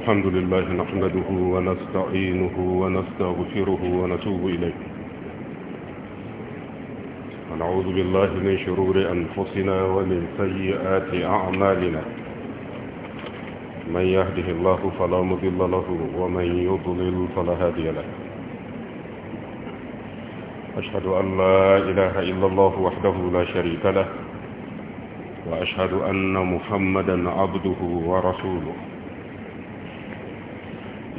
الحمد لله نحمده ونستعينه ونستغفره ونتوب إليه ونعوذ بالله من شرور أنفسنا ومن سيئات أعمالنا من يهده الله فلا مضل له ومن يضلل فلا هادي له أشهد أن لا إله إلا الله وحده لا شريك له وأشهد أن محمدا عبده ورسوله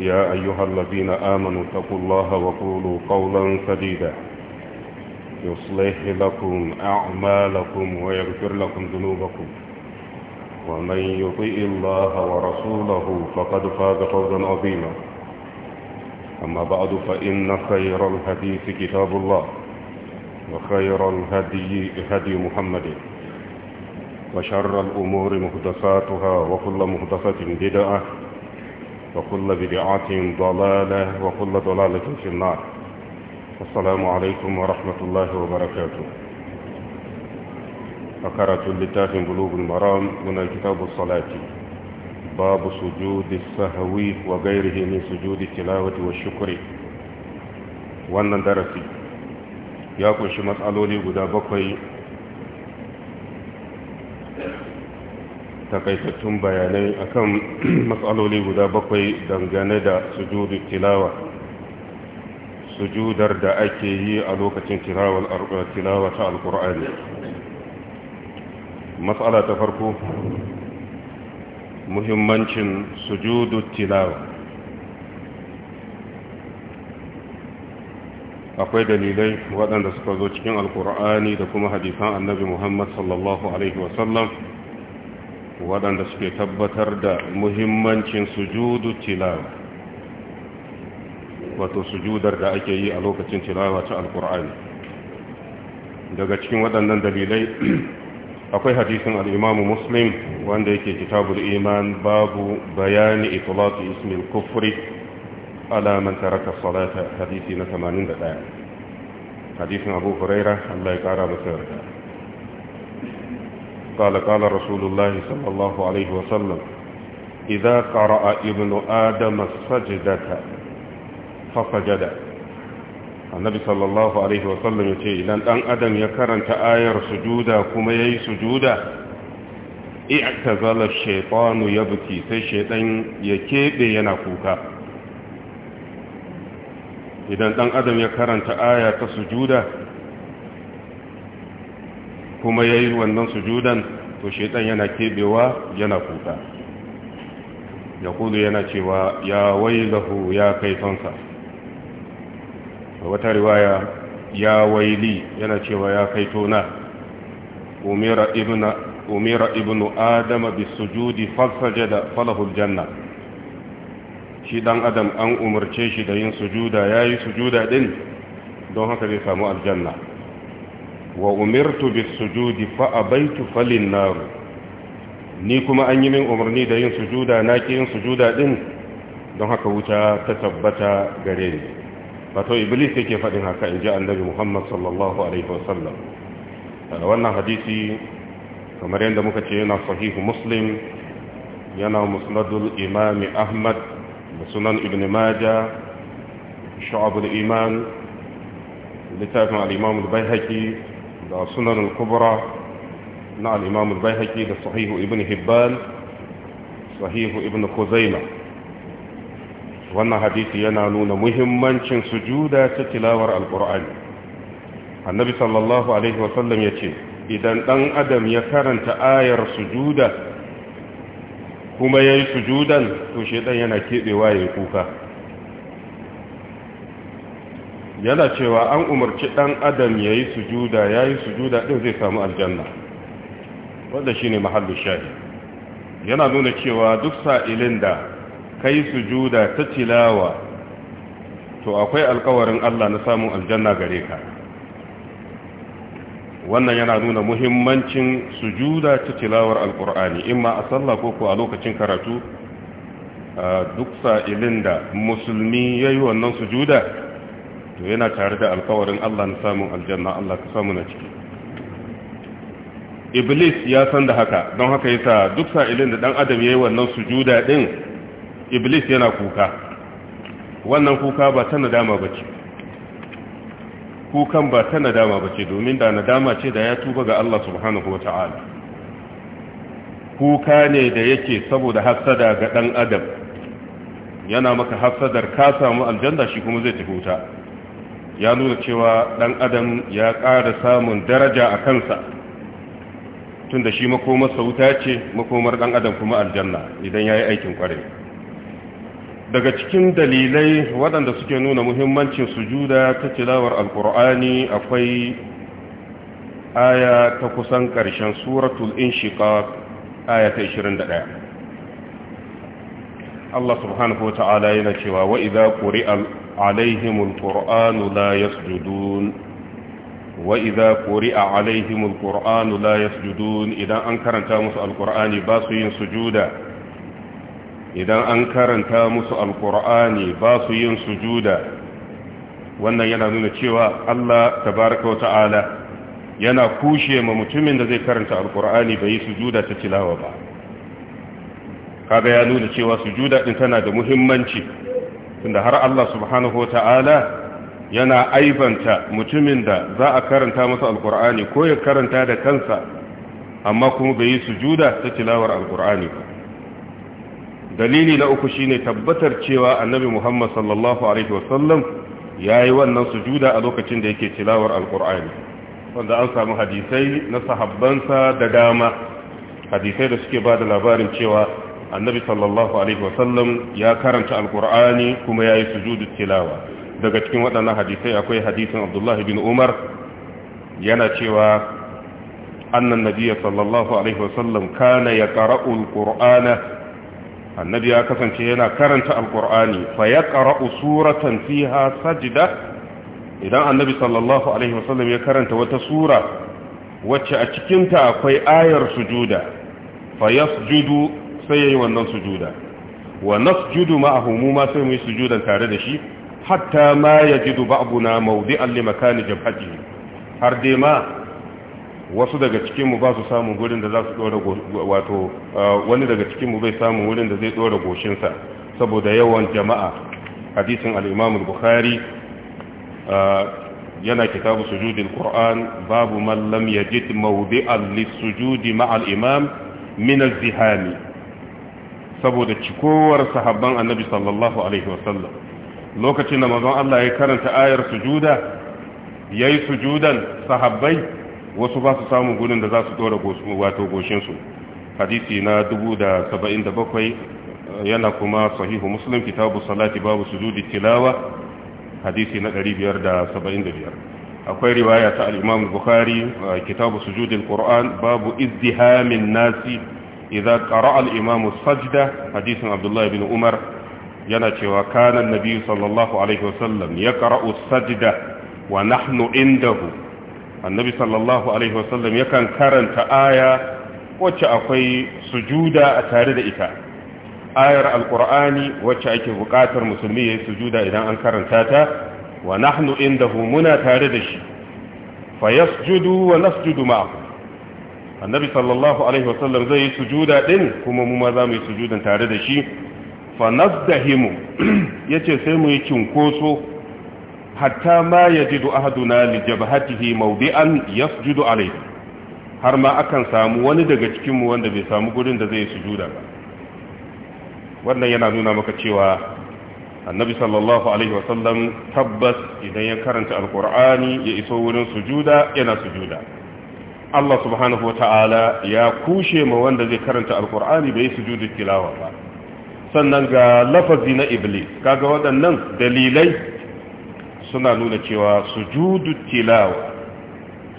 يا أيها الذين آمنوا اتقوا الله وقولوا قولا سديدا يصلح لكم أعمالكم ويغفر لكم ذنوبكم ومن يطيء الله ورسوله فقد فاز فوزا عظيما أما بعد فإن خير الحديث كتاب الله وخير الهدي هدي محمد وشر الأمور مهدساتها وكل مهدسة بدعة وكل بدعة ضلالة وكل ضلالة في النار السلام عليكم ورحمة الله وبركاته فقرة لتاه بلوغ المرام من الكتاب الصلاة باب سجود السهو وغيره من سجود التلاوة والشكر wannan darasi ya kunshi matsaloli guda بقي takaitattun bayanai akan matsaloli guda bakwai dangane da sujudu tilawa sujudar da ake yi a lokacin eh, tilawa ta alkur'ani matsala ta farko muhimmancin sujudu tilawa akwai dalilai waɗanda suka zo cikin alkur'ani da kuma hadisan annabi muhammad sallallahu alaihi wasallam waɗanda suke tabbatar da muhimmancin sujudu tilawa wato sujudar da ake yi a lokacin tilawa ta alkur'ani daga cikin waɗannan dalilai akwai hadisin al'imamu muslim wanda yake kitabul iman babu bayani itulatu ismil kufri alaman taraka salata hadisi na 81 hadisin abu huraira allah ya ƙara masa yarda قال قال رسول الله صلى الله عليه وسلم إذا قرأ ابن آدم السجدة فسجد النبي صلى الله عليه وسلم يقول إذا أن أدم يكرن تآير سجودا كما يي سجودا اعتزل الشيطان يبكي سيشيطان يكيب ينفوكا إذا أن أدم يكرن تآير سجودا kuma ya yi wannan sujudan to shaitan yana kebewa yana kuka ya kudu yana cewa ya wailahu ya kai sonsa wata riwaya ya yana cewa ya kai tona umira ibnu adama bi sujudi farsaje da falahul janna shi dan adam an umarce shi da yin sujuda ya yi sujuda din don haka zai samu aljanna wa umirtu bis sujudi fa abaitu falin naru. ni kuma an yi min umarni da yin sujuda na ki yin sujuda din don haka wuta ta tabbata gare ni wato iblis yake faɗin haka in ji annabi muhammad sallallahu alaihi wasallam wannan hadisi kamar yadda muka ce yana sahihu muslim yana musnadul imami ahmad da sunan ibn maja sha'abul iman littafin al'imamul bai da sunan al-kubra na al-imam al da sahihu ibn hibban sahihu ibn khuzaimah wannan hadisi yana nuna muhimmancin sujuda ta tilawar al-qur'ani annabi sallallahu alaihi wasallam yace idan dan adam ya karanta ayar sujuda kuma yayi sujudan to shedan yana kebewa yayi kuka yana cewa an umarci ɗan adam ya yi sujuda ya yi sujuda ɗin zai samu aljanna wanda shi ne mahallu shahi yana nuna cewa duk sa'ilin da ka yi sujuda ta tilawa to akwai alkawarin Allah na samun aljanna gare ka wannan yana nuna muhimmancin sujuda ta tilawar alkur'ani ma a sallah ko a lokacin karatu duk sa'ilin da musulmi ya yi wannan sujuda to yana tare da alkawarin Allah na samun aljanna Allah ka samu na ciki iblis ya san da haka don haka yasa duk sa'ilin da dan adam yayi wannan sujuda din iblis yana kuka wannan kuka ba ta nadama bace kukan ba ta nadama bace domin da nadama ce da ya tuba ga Allah subhanahu wataala kuka ne da yake saboda hasada ga dan adam yana maka hasadar ka samu aljanna shi kuma zai tafi wuta ya nuna cewa ɗan adam ya ƙara samun daraja a kansa tun da shi makomar sauta ce makomar ɗan adam kuma aljanna idan ya yi aikin ƙware daga cikin dalilai waɗanda suke nuna muhimmancin sujuda ta tilawar alƙur'ani akwai aya ta kusan ƙarshen suratul inshiqaq aya ta 21 Allah subhanahu wa ta'ala yana cewa wa idza quri'a alaihimul qur'anu la ya yasjudun wa idza quri'a alaihimul qur'anu la ya yasjudun idan an karanta musu alqur'ani ba su yin sujuda idan an karanta musu alqur'ani ba su yin sujuda wannan yana nuna cewa Allah tabaaraka wa ta'ala yana kushe ma mutumin da zai karanta alqur'ani bai yi sujuda ta tilawa ba kaga ya nuna cewa sujuda din tana da muhimmanci tunda har Allah subhanahu wataala yana aibanta mutumin da za a karanta masa alkur'ani ko ya karanta da kansa amma kuma bai yi sujuda ta tilawar alkur'ani ba dalili na uku shine tabbatar cewa annabi Muhammad sallallahu alaihi wasallam yayi wannan sujuda a lokacin da yake tilawar alkur'ani wanda an samu hadisai na sahabbansa da dama hadisai da suke ba da labarin cewa annabi sallallahu alaihi wasallam ya karanta alkur'ani kuma ya yi sujudu tilawa daga cikin waɗannan hadisai akwai hadisin abdullahi bin umar yana cewa annan nabiya sallallahu alaihi wasallam kana ya ƙara'u alkur'ana annabi ya kasance yana karanta alkur'ani fa ya ƙara'u suratan fiha sajida idan annabi sallallahu alaihi wasallam ya karanta wata sura wacce a cikinta akwai ayar sujuda fa yasjudu sai yayi wannan sujuda wa nasjudu ma'ahu mu ma sai mu yi sujudan tare da shi hatta ma yajidu ba'duna mawdi'an li makani jabhatihi har dai ma wasu daga cikin mu ba su samu gurin da za su dora wato wani daga cikin mu bai samu wurin da zai dora goshin sa saboda yawan jama'a hadisin al-Imam al-Bukhari yana kitabu sujudil Qur'an babu man lam yajid mawdi'an lis-sujudi ma'a imam min az-zihami saboda cikowar sahabban annabi sallallahu alaihi wasallam lokacin da manzon Allah ya karanta ayar sujuda yayi sujudan sahabbai wasu ba su samu gurin da za su dora wato goshin su hadisi na 1077 yana kuma sahihu muslim kitabu salati babu sujudi tilawa hadisi na 575 akwai riwaya ta al-imam bukhari kitabu sujudil qur'an babu izdihamin nasi idza qara'a al-imam sajda hadisin abdullah bin umar yana cewa kana annabi sallallahu alaihi wasallam yaqra'u sajda wa nahnu indahu annabi sallallahu alaihi wasallam yakan karanta aya wacce akwai sujuda a tare da ita ayar alqur'ani wacce ake buƙatar musulmi yayin sujuda idan an karanta ta wa nahnu muna tare da shi fayasjudu wa annabi sallallahu alaihi wasallam zai yi sujuda din kuma mu ma za mu yi sujudan tare da shi fa nazdahimu yace sai mu yi cinkoso hatta ma yajidu ahaduna li jabhatihi mawdi'an yasjudu alayhi har ma akan samu wani daga cikin mu wanda bai samu gurin da zai sujuda ba wannan yana nuna maka cewa annabi sallallahu alaihi wasallam tabbas idan ya karanta alqur'ani ya iso wurin sujuda yana sujuda Allah subhanahu wa ta'ala ya kushe ma wanda zai karanta alkur'ani bai sujudu tilawa ba sannan ga lafazi na iblis kaga waɗannan dalilai suna nuna cewa sujudu tilawa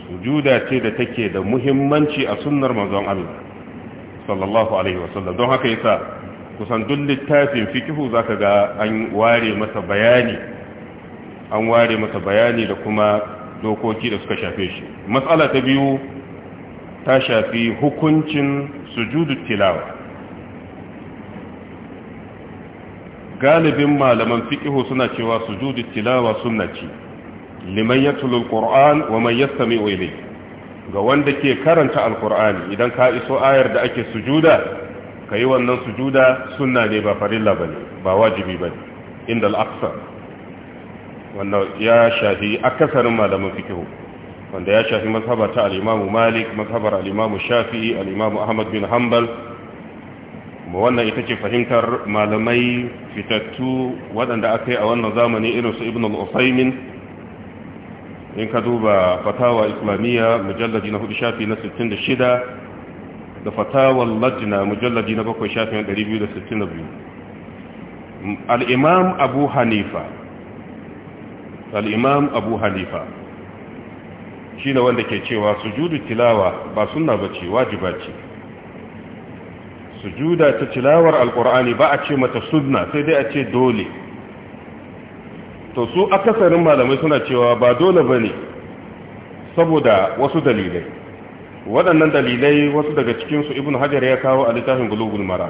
sujuda ce da take da muhimmanci a sunnar manzon Allah sallallahu alaihi wasallam don haka yasa kusan duk littafin fikihu zaka ga an ware masa bayani an ware masa bayani da kuma dokoki da suka shafe shi matsala ta biyu ta shafi hukuncin sujudu tilawa galibin malaman fiƙihu suna cewa sujudu tilawa sunna ce liman yatlu alquran wa man sami ilayhi ga wanda ke karanta alqur'ani idan ka iso ayar da ake sujuda yi wannan sujuda sunna ne ba farilla bane ba wajibi bane inda al'aksa wannan ya shafi akasarin malaman fikihu. wanda ya shafi mazhabar ta alimamu Malik mazhabar al-Imam Shafi'i alimamu Ahmad bin Hanbal mu wannan ita ce fahimtar malamai fitattu waɗanda aka yi a wannan zamani irin su Ibn al-Usaymin in ka duba fatawa islamiyya mujalladi na hudu shafi na 66 da fatawar lajina mujalladi na bakwai shafi na 262 al'imam abu hanifa al'imam abu hanifa Shi ne wanda ke cewa sujudu tilawa ba sunna bace wajiba ce sujuda ta tilawar alqur'ani ba a ce mata sunna sai dai a ce dole to su akasarin malamai suna cewa ba dole bane saboda wasu dalilai waɗannan dalilai wasu daga cikinsu ibn hajar ya kawo a littafin gulugul mara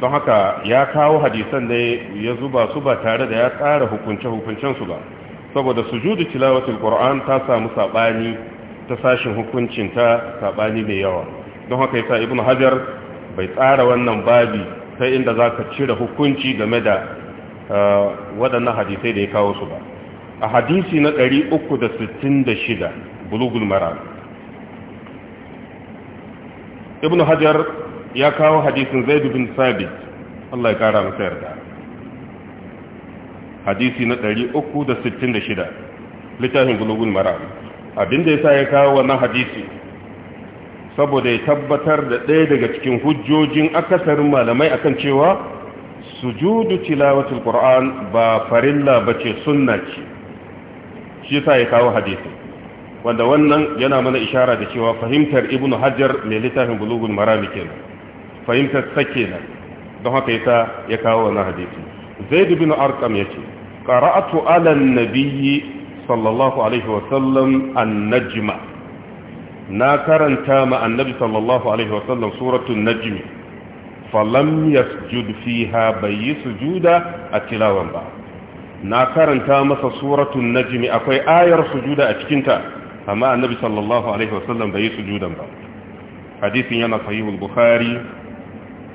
don haka ya kawo hadisan da ya zuba su ba tare da ya ƙara hukunce-hukuncensu ba saboda sujudu tilawatul qur'an ta samu sabani ta sashin hukuncinta, ta mai yawa don haka yasa ibnu hajar bai tsara wannan babi ta inda za ka cire hukunci game da uh, waɗannan hadisai da ya kawo su ba a hadisi na 366 bulugul maram ibnu hajar ya kawo hadisin zaid bin sabit Allah ya ƙara masa yarda hadisi na ɗari uku da sittin 366 littafin gulugun mara abinda ya sa ya kawo wannan hadisi saboda ya tabbatar da ɗaya daga cikin hujjojin akasarin malamai akan cewa sujudu tilawatul qur'an ba farilla bace sunna ce shi sa ya kawo hadisi wanda wannan yana mana ishara da cewa fahimtar ibnu hajar mai littafin bulugun marami kenan fahimtar sake don haka yasa ya kawo wannan hadisi zai dubi na arkam ya ce. qara'atu 'ala an-nabiyyi sallallahu alaihi wa sallam an-najm na karanta ma annabi sallallahu alaihi wa sallam suratul najm falam yasjud fiha bayyi sujuda a tilawan ba na karanta masa suratul najm akwai ayar sujuda a cikinta ta amma annabi sallallahu alaihi wa sallam bai sujudan ba hadisin yana sahihul bukhari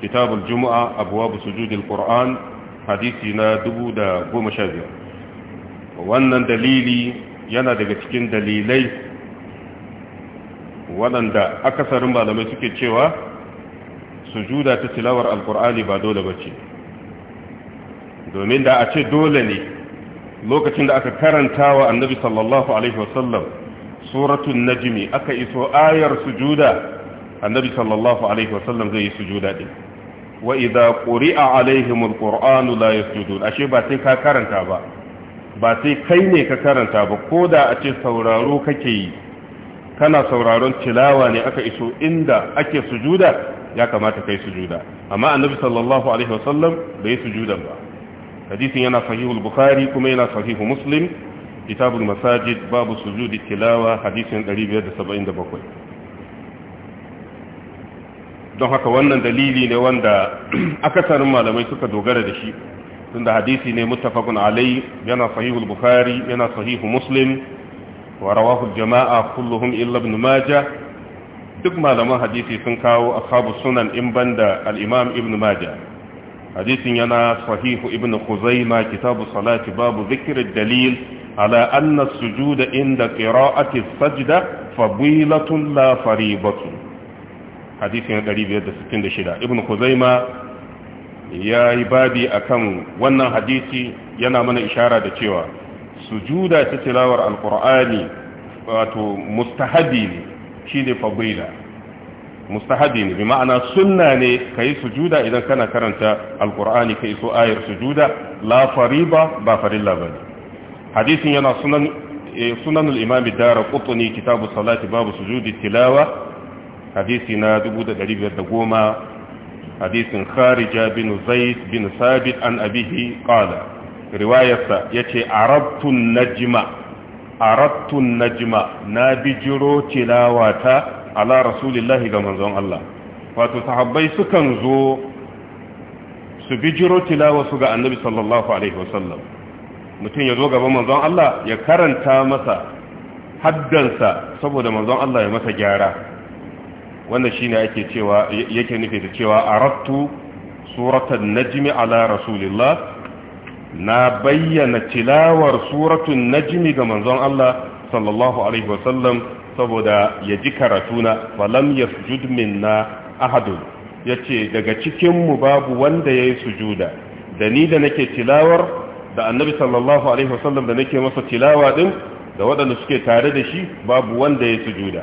kitabul jumu'a abwab sujudil qur'an hadisi na dubu da goma sha biyar wannan dalili yana daga cikin dalilai waɗanda akasarin malamai suke cewa sujuda ta tilawar alkur'ani ba dole ba ce domin da a ce dole ne lokacin da aka karanta wa annabi sallallahu alaihi wasallam suratun najimi aka iso ayar sujuda annabi sallallahu alaihi wasallam zai yi sujuda ɗin wa idza quri'a alaihimul qur'anu la yasjudun ashe ba sai ka karanta ba ba sai kai ne ka karanta ba koda a ce sauraro kake yi kana sauraron tilawa ne aka iso inda ake sujuda ya kamata kai sujuda amma annabi sallallahu alaihi wasallam bai sujuda ba hadisin yana sahihul bukhari kuma yana sahihu muslim kitabul masajid babu sujudi tilawa hadisin 577 don haka wannan dalili ne wanda akasarin malamai suka dogara da shi tunda hadisi ne muttafaqun alai yana sahihul bukhari yana sahihu muslim wa jama'a kulluhum illa ibn Maja duk malaman hadisi sun kawo ashabu sunan in banda al-imam ibn Maja hadisin yana sahihu ibn khuzaima kitabu salati babu zikirin dalil ala anna sujuda inda qira'ati sajda fadilatun la fariidatun hadisi na 566 ibn kuzaima ya yi babi akan wannan hadisi yana mana ishara da cewa sujuda ta tilawar alkur'ani wato mustahabi ne shi ne fabila mustahabi ne bi ma'ana sunna ne ka yi sujuda idan kana karanta alkur'ani ka iso ayar sujuda la fariba ba farilla ba ne hadisin yana sunan eh, al'imami dara kutuni kitabu salati babu sujudi tilawa hadisi na 1510 hadisin kharija bin zaid bin sabit an abihi qala riwayarsa yace arabtun najma arabtun najma na bijiro tilawata ala rasulillahi ga manzon Allah wato sahabbai sukan zo su bijiro tilawa su ga annabi sallallahu alaihi wasallam mutum ya zo gaba manzon Allah ya karanta masa haddansa saboda manzon Allah ya masa gyara wannan shine ake cewa yake nufi da cewa arattu suratan najmi ala rasulillah na bayyana tilawar suratun najmi ga manzon Allah sallallahu alaihi wasallam saboda ya ji karatuna falam yasjud minna ahadun yace daga cikin mu babu wanda yayi sujuda da ni da nake tilawar da annabi sallallahu alaihi wasallam da nake masa tilawa din da waɗanda suke tare da shi babu wanda yayi sujuda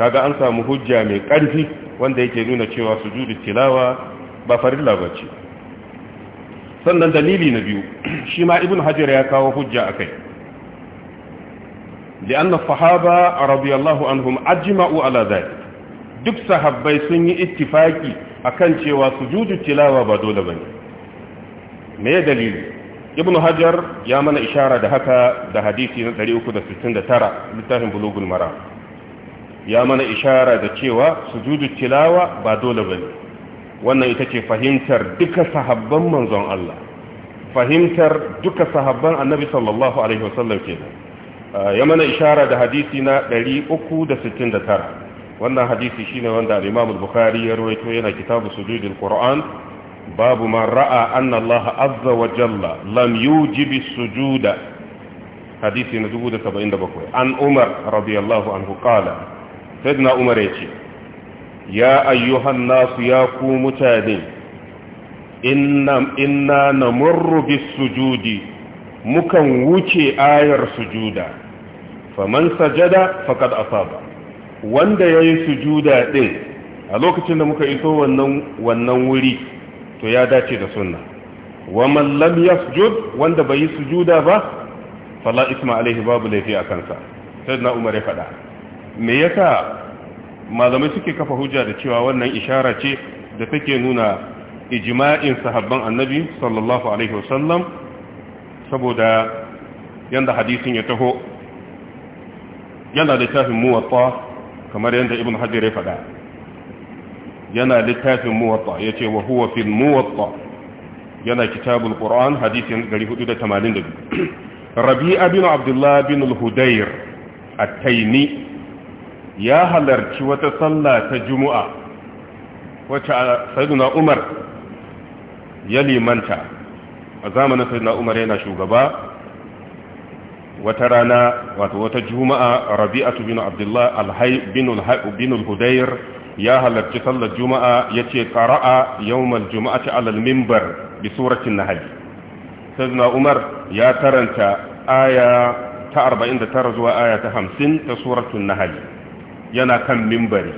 kaga an samu hujja mai ƙarfi wanda yake nuna cewa sujudu tilawa ba farilla ce. sannan dalili na biyu shi ma ibn hajar ya kawo hujja akai لأن الصحابة رضي الله عنهم أجمعوا على ذلك duk sahabbai sun yi ittifaki akan cewa sujudu tilawa ba dole ne. me dalili ibnu hajar ya mana ishara da haka da hadisi na 369 littafin bulugul mara. ya mana ishara da cewa sujudu tilawa ba dole bane wannan ita ce fahimtar duka sahabban manzon Allah fahimtar duka sahabban annabi sallallahu alaihi wasallam kenan ah, ya mana ishara da hadisi na 369 wannan hadisi shine wanda al-Imam al-Bukhari ya rawaito yana kitabu sujudil Qur'an babu man ra'a anna Allah azza wa jalla lam yujibi sujuda hadisi na 1077 an Umar radiyallahu anhu qala sayyidina umar ya ce ya ayyuhan nasu ya ku mutane inna na bis sujudi mukan wuce ayar sujuda faman sajada faqad asaba wanda yayi sujuda din a lokacin da muka iso wannan wuri to ya dace da sunna waman lam yasjud wanda bai yi sujuda ba fala isma alaihi babu laifi a kansa sayyidina umar ya faɗa me yasa malamai suke kafa hujja da cewa wannan ishara ce da take nuna ijma'in sahabban annabi sallallahu alaihi wasallam saboda yanda hadisin ya taho yana littafin muwatta kamar yanda ibn hajar ya faɗa yana littafin muwatta yace wa huwa fil muwatta yana kitabul qur'an hadisin 482 rabi'a bin abdullah bin al-hudayr at-taymi ya halarci wata sallah ta juma'a wacce a sayyiduna umar ya limanta a zamanin sayyiduna umar yana shugaba wata rana wato wata juma'a rabi'atu bin abdullah alhay bin al-hudayr ya halarci sallar juma'a yace qara'a yawmal juma'ati ala al-minbar bi surati an-nahl sayyiduna umar ya taranta aya ta 49 zuwa aya ta 50 ta suratul nahl yana kan mimbari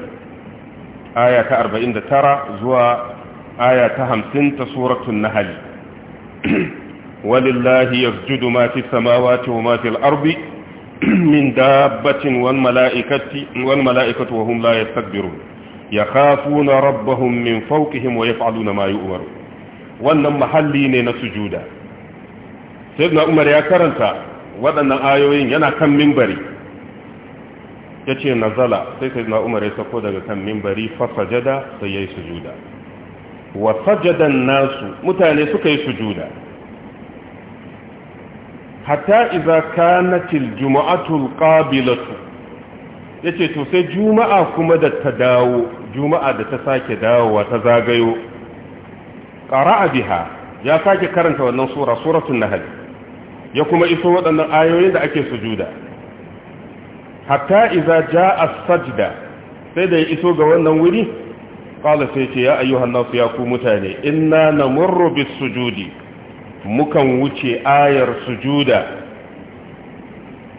aya ta 49 zuwa aya ta 50 ta suratul nahl walillahi yasjudu ma fis samawati wa ma fil ardi min dabbatin wal malaikati wal malaikatu wa hum la yastakbirun yakhafuna rabbahum min fawqihim wa yaf'aluna ma yu'maru wannan mahalli ne na sujuda sayyidina umar ya karanta waɗannan ayoyin yana kan mimbari ya ce nazala sai sai na umar ya sako daga kan mimbari fasa jada sai ya yi sujuda wasa jadan nasu mutane suka yi sujuda hatta iza kanatil juma'atul ya ce to sai juma'a kuma da ta dawo juma'a da ta sake dawowa ta zagayo a biha ya sake karanta wannan sura na nahl ya kuma iso waɗannan ayoyin da ake sujuda hatta iza ja'a sajda sai da ya iso ga wannan wuri qala sai ce ya ayyuhan nasu ya ku mutane inna namurru bis sujudi mukan wuce ayar sujuda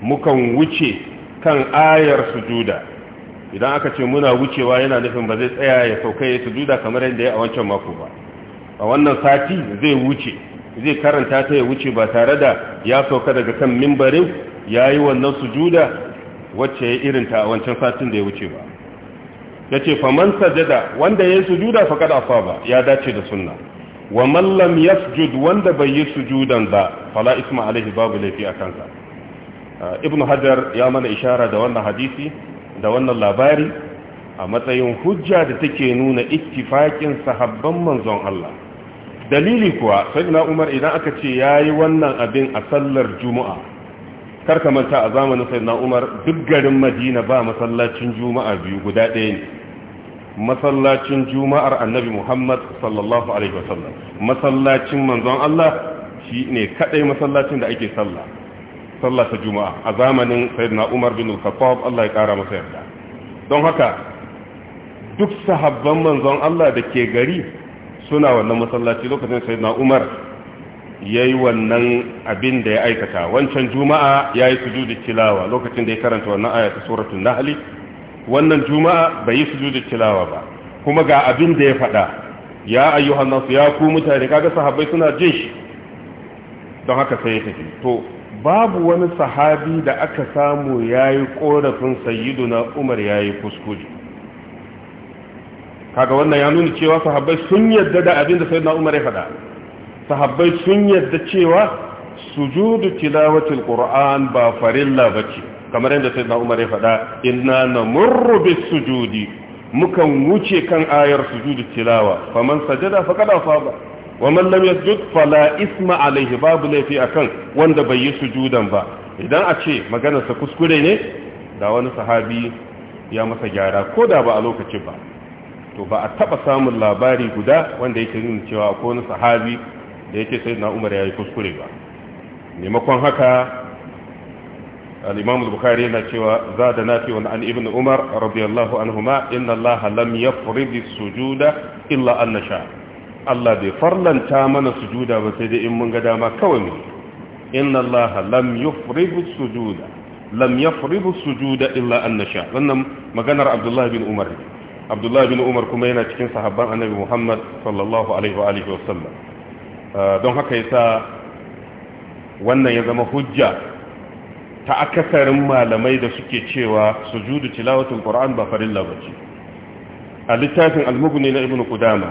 mukan wuce kan ayar sujuda idan aka ce muna wucewa yana nufin ba zai tsaya ya sauka ya sujuda kamar yadda ya a wancan mako ba a wannan sati zai wuce zai karanta ta ya wuce ba tare da ya sauka daga kan mimbarin ya yi wannan sujuda wacce ya irinta a wancan satin da ya wuce ba ya ce faman sajada wanda ya yi sujuda faƙad ba ya dace da sunna wa mallam ya sujud wanda bai yi sujudan ba fala isma alaihi babu laifi a kansa uh, ibn hajar ya mana ishara da wannan hadisi da wannan labari a matsayin hujja da take nuna ittifakin sahabban manzon Allah dalili kuwa na umar idan aka ce yayi wannan abin a sallar juma'a karka manta a zamanin sayyidina umar duk garin madina ba masallacin juma'a biyu guda ɗaya ne masallacin juma'ar annabi muhammad sallallahu alaihi wasallam masallacin manzon allah shi ne kadai masallacin da ake sallah sallah ta juma'a a zamanin sayyidina umar bin al-khattab allah ya kara masa yarda don haka duk sahabban manzon allah da ke gari suna wannan masallaci lokacin sayyidina umar Yayi wannan abin da ya aikata wancan juma'a ya yi sujudu tilawa lokacin da ya karanta wannan ta suratul nahali wannan juma'a bai yi sujudu tilawa ba kuma ga abin da ya faɗa ya ayyuhan nasu ya ku mutane kaga sahabbai suna jin shi don haka sai ya tafi to babu wani sahabi da aka samu ya yi ƙorafin sayyiduna umar ya yi kuskure kaga wannan ya nuna cewa sahabbai sun yarda da abin da sayyiduna umar ya faɗa sahabbai sun yarda cewa sujudu tilawatil qur'an ba farilla bace kamar yadda sayyidina umar ya faɗa inna namurru bis sujudi mukan wuce kan ayar sujudu tilawa faman sajada faqad afaba wa man lam yasjud fala isma alaihi babu laifi akan wanda bai yi sujudan ba idan a ce sa kuskure ne da wani sahabi ya masa gyara ko da ba a lokaci ba to ba a taba samun labari guda wanda yake nuna cewa ko wani sahabi da yake sai na umar ya yi kuskure ba maimakon haka al-imam al-bukhari yana cewa zada wani an ibn umar radiyallahu anhuma inna allaha lam yafrid sujuda illa an nasha Allah bai farlanta mana sujuda ba sai dai in mun ga dama kawai mu inna allaha lam yafrid sujuda lam yafrid sujuda illa an nasha wannan maganar abdullahi bin umar abdullahi bin umar kuma yana cikin sahabban annabi muhammad sallallahu alaihi wa alihi wa sallam Eh, don haka yasa wannan ya zama hujja ta akasarin malamai da suke cewa sujudu tilawatul qur'an ba farilla bace a littafin al-mughni na ibnu qudama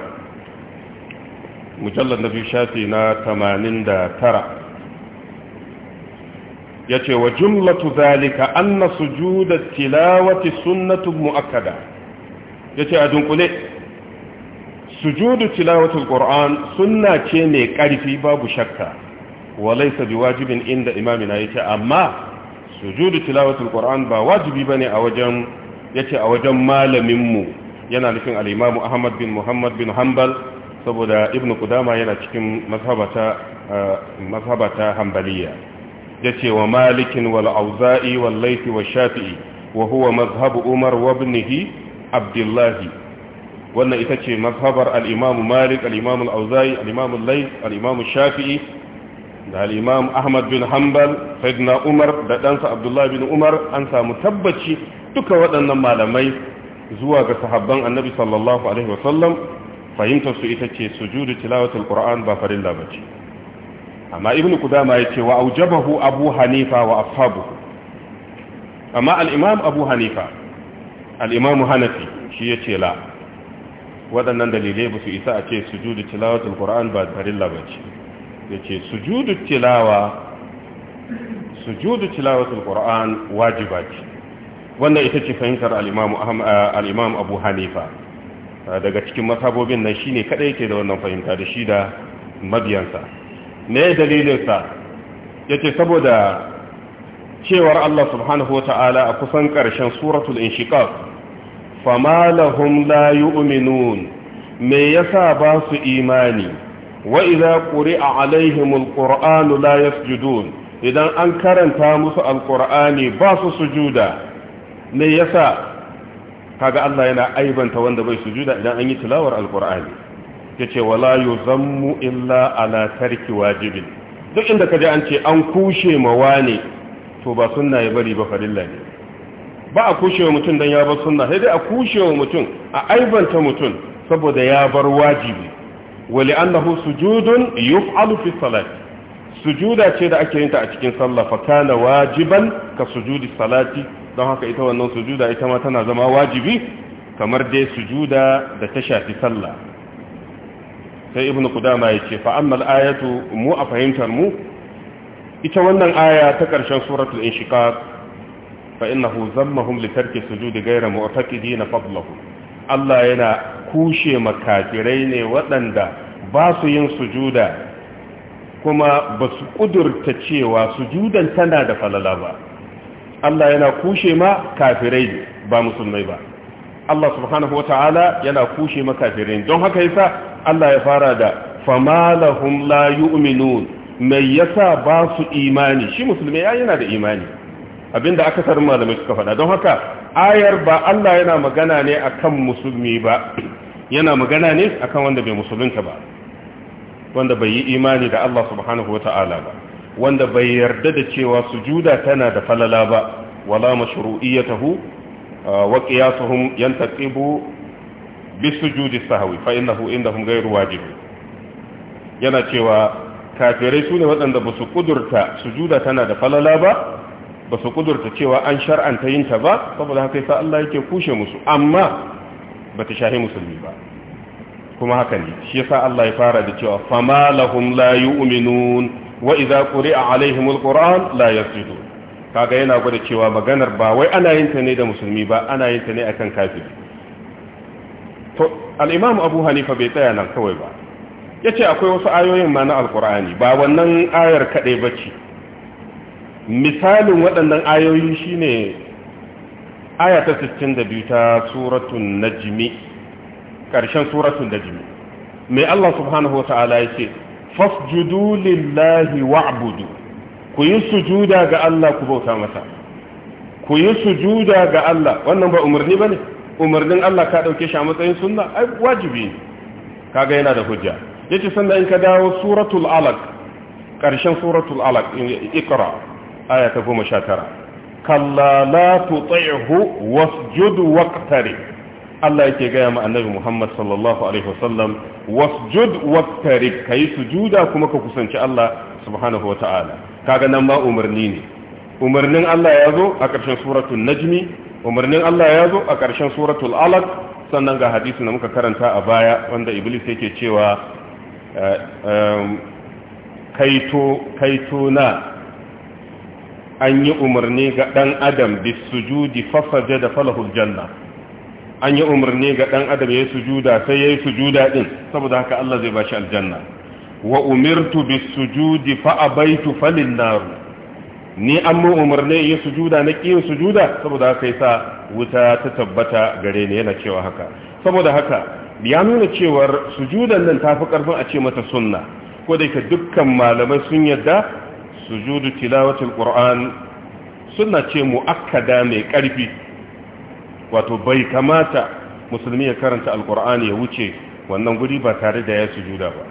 mujallad na biyu shafi na 89 yace wa jumlatu zalika anna sujudat tilawati sunnatun muakkada yace a dunkule sujudu tilawatul qur'an sunna ce mai karfi babu shakka walaysa biwajibin inda imamina yace amma sujudu tilawatul qur'an ba wajibi bane a wajen yace a wajen malamin mu yana nufin al-imamu ahmad bin muhammad bin hanbal saboda ibn qudama yana cikin mazhabata eh, mazhabata hanbaliya yace wa malikin wal auza'i wal layth wa shafi'i wa huwa mazhabu umar wa ibnihi abdullahi wannan ita ce mazhabar al'imamu malik al'imamu imam al'imamu auzai al'imamu shafi'i da al'imamu ahmad bin hanbal sayyidina umar da ɗansa abdullahi bin umar an samu tabbaci duka waɗannan malamai zuwa ga sahabban annabi sallallahu alaihi wasallam fahimtar su ita ce sujudu tilawatul qur'an ba farin bace amma Ibn kudama ce wa aujabahu abu hanifa wa ashabuhu amma al abu hanifa al'imamu hanafi shi ce la waɗannan dalilai ba su isa a ce sujudu tilawatul qur'an ba farilla ba ce sujudu tilawa sujudu wajiba ce wannan ita ce fahimtar al'imam eh, Abu Hanifa eh, daga cikin masabobin nan shi ne kada ke da wannan fahimta da shi da mabiyansa yi dalilinsa ya ce saboda cewar Allah subhanahu ta'ala a kusan ƙarshen suratul inshiqaq famalahum lahum la yu'minun me yasa ba su imani wa idza quri'a alaihimul qur'anu la yasjudun idan an karanta musu alqur'ani ba su sujuda me yasa kaga Allah yana aibanta wanda bai sujuda idan an yi tilawar alqur'ani yace wala yuzammu illa ala tarki wajibin duk inda kaje an ce an kushe mawane to ba sunna ya bari ba farilla ne ba a wa mutum don ya bar sunna sai dai a wa mutum a aibanta mutum saboda ya bar wajibi wali annahu sujudun yuf'alu fi salat sujuda ce da ake yin ta a cikin sallah fa kana wajiban ka sujudi salati don haka ita wannan sujuda ita ma tana zama wajibi kamar dai sujuda da ta shafi sallah sai ibnu qudama yace fa amma al-ayatu mu a fahimtar mu ita wannan aya ta ƙarshen suratul inshiqaq fa innahu zammahum li tarki sujudi ghayra mu'taqidina fadlahu Allah yana kushe makafirai ne waɗanda ba su yin sujuda kuma ba su cewa sujudan tana da falala ba Allah yana kushe ma kafirai ba musulmai ba Allah subhanahu wa yana kushe makafirin don haka yasa Allah ya fara da famalahum la yu'minun mai yasa ba su imani shi musulmi ya yana da imani Abin da aka akasarin malamai suka faɗa don haka ayar ba Allah yana magana ne kan musulmi ba yana magana ne kan wanda bai musulunta ba wanda bai yi imani da Allah subhanahu wata'ala ba wanda bai yarda da cewa sujuda tana da falala ba wala mashru'iyyatahu uh, wa qiyasuhum yantaqibu bisujudi sahwi fa innahu indahum ghayru wajib yana cewa kafirai sune waɗanda ba su ƙudurta sujuda tana da falala ba ba su kudurta cewa an shar'anta yin ta ba saboda haka yasa Allah yake kushe musu amma ba ta shahi musulmi ba kuma haka ne shi yasa Allah ya fara da cewa fama lahum la yu'minun wa idza quri'a alaihimul qur'an la yasjudun kaga yana gwada cewa maganar ba wai ana yin ta ne da musulmi ba ana yin ta ne akan kafiri to al-imam Abu Hanifa bai tsaya nan kawai ba yace akwai wasu ayoyin ma na Alqur'ani ba wannan ayar kadai bace misalin waɗannan ayoyi shine aya ta 62 ta suratul najmi ƙarshen suratul najmi mai Allah subhanahu wa ta'ala ce fasjudu lillahi wa'budu ku yi sujuda ga Allah ku bauta masa ku yi sujuda ga Allah wannan ba umarni bane umarnin Allah ka dauke shi a matsayin sunna ai wajibi kaga yana da hujja yace sannan in ka dawo suratul alaq ƙarshen suratul alaq iqra aya ta goma sha tara kalla la tuti'hu wasjud waqtari Allah yake gaya ma annabi Muhammad sallallahu alaihi wasallam wasjud yi su sujuda kuma ka kusanci Allah subhanahu wata'ala kaga nan ma umarni ne umarnin Allah ya zo a ƙarshen suratul najmi umarnin Allah ya zo a ƙarshen suratul alaq sannan ga hadisi da muka karanta a baya wanda iblis yake cewa eh, kaito kaito na an yi umarni ga ɗan adam bis sujudi fafaje da falahul janna an yi umarni ga ɗan adam ya yi sujuda sai ya yi sujuda ɗin saboda haka Allah zai bashi aljanna wa umirtu bis sujudi fa'abaitu falin naru ni an mu umarni ya yi sujuda na ƙi sujuda saboda haka ya sa wuta ta tabbata gare ni yana cewa haka saboda haka ya nuna cewar sujudan nan ta fi karfin a ce mata sunna ko da dukkan malamai sun yarda. sujudu tilawatul qur'an sunna ce muakkada mai karfi wato bai kamata musulmi ya karanta alqur'ani ya wuce wannan guri ba tare da ya sujuda ba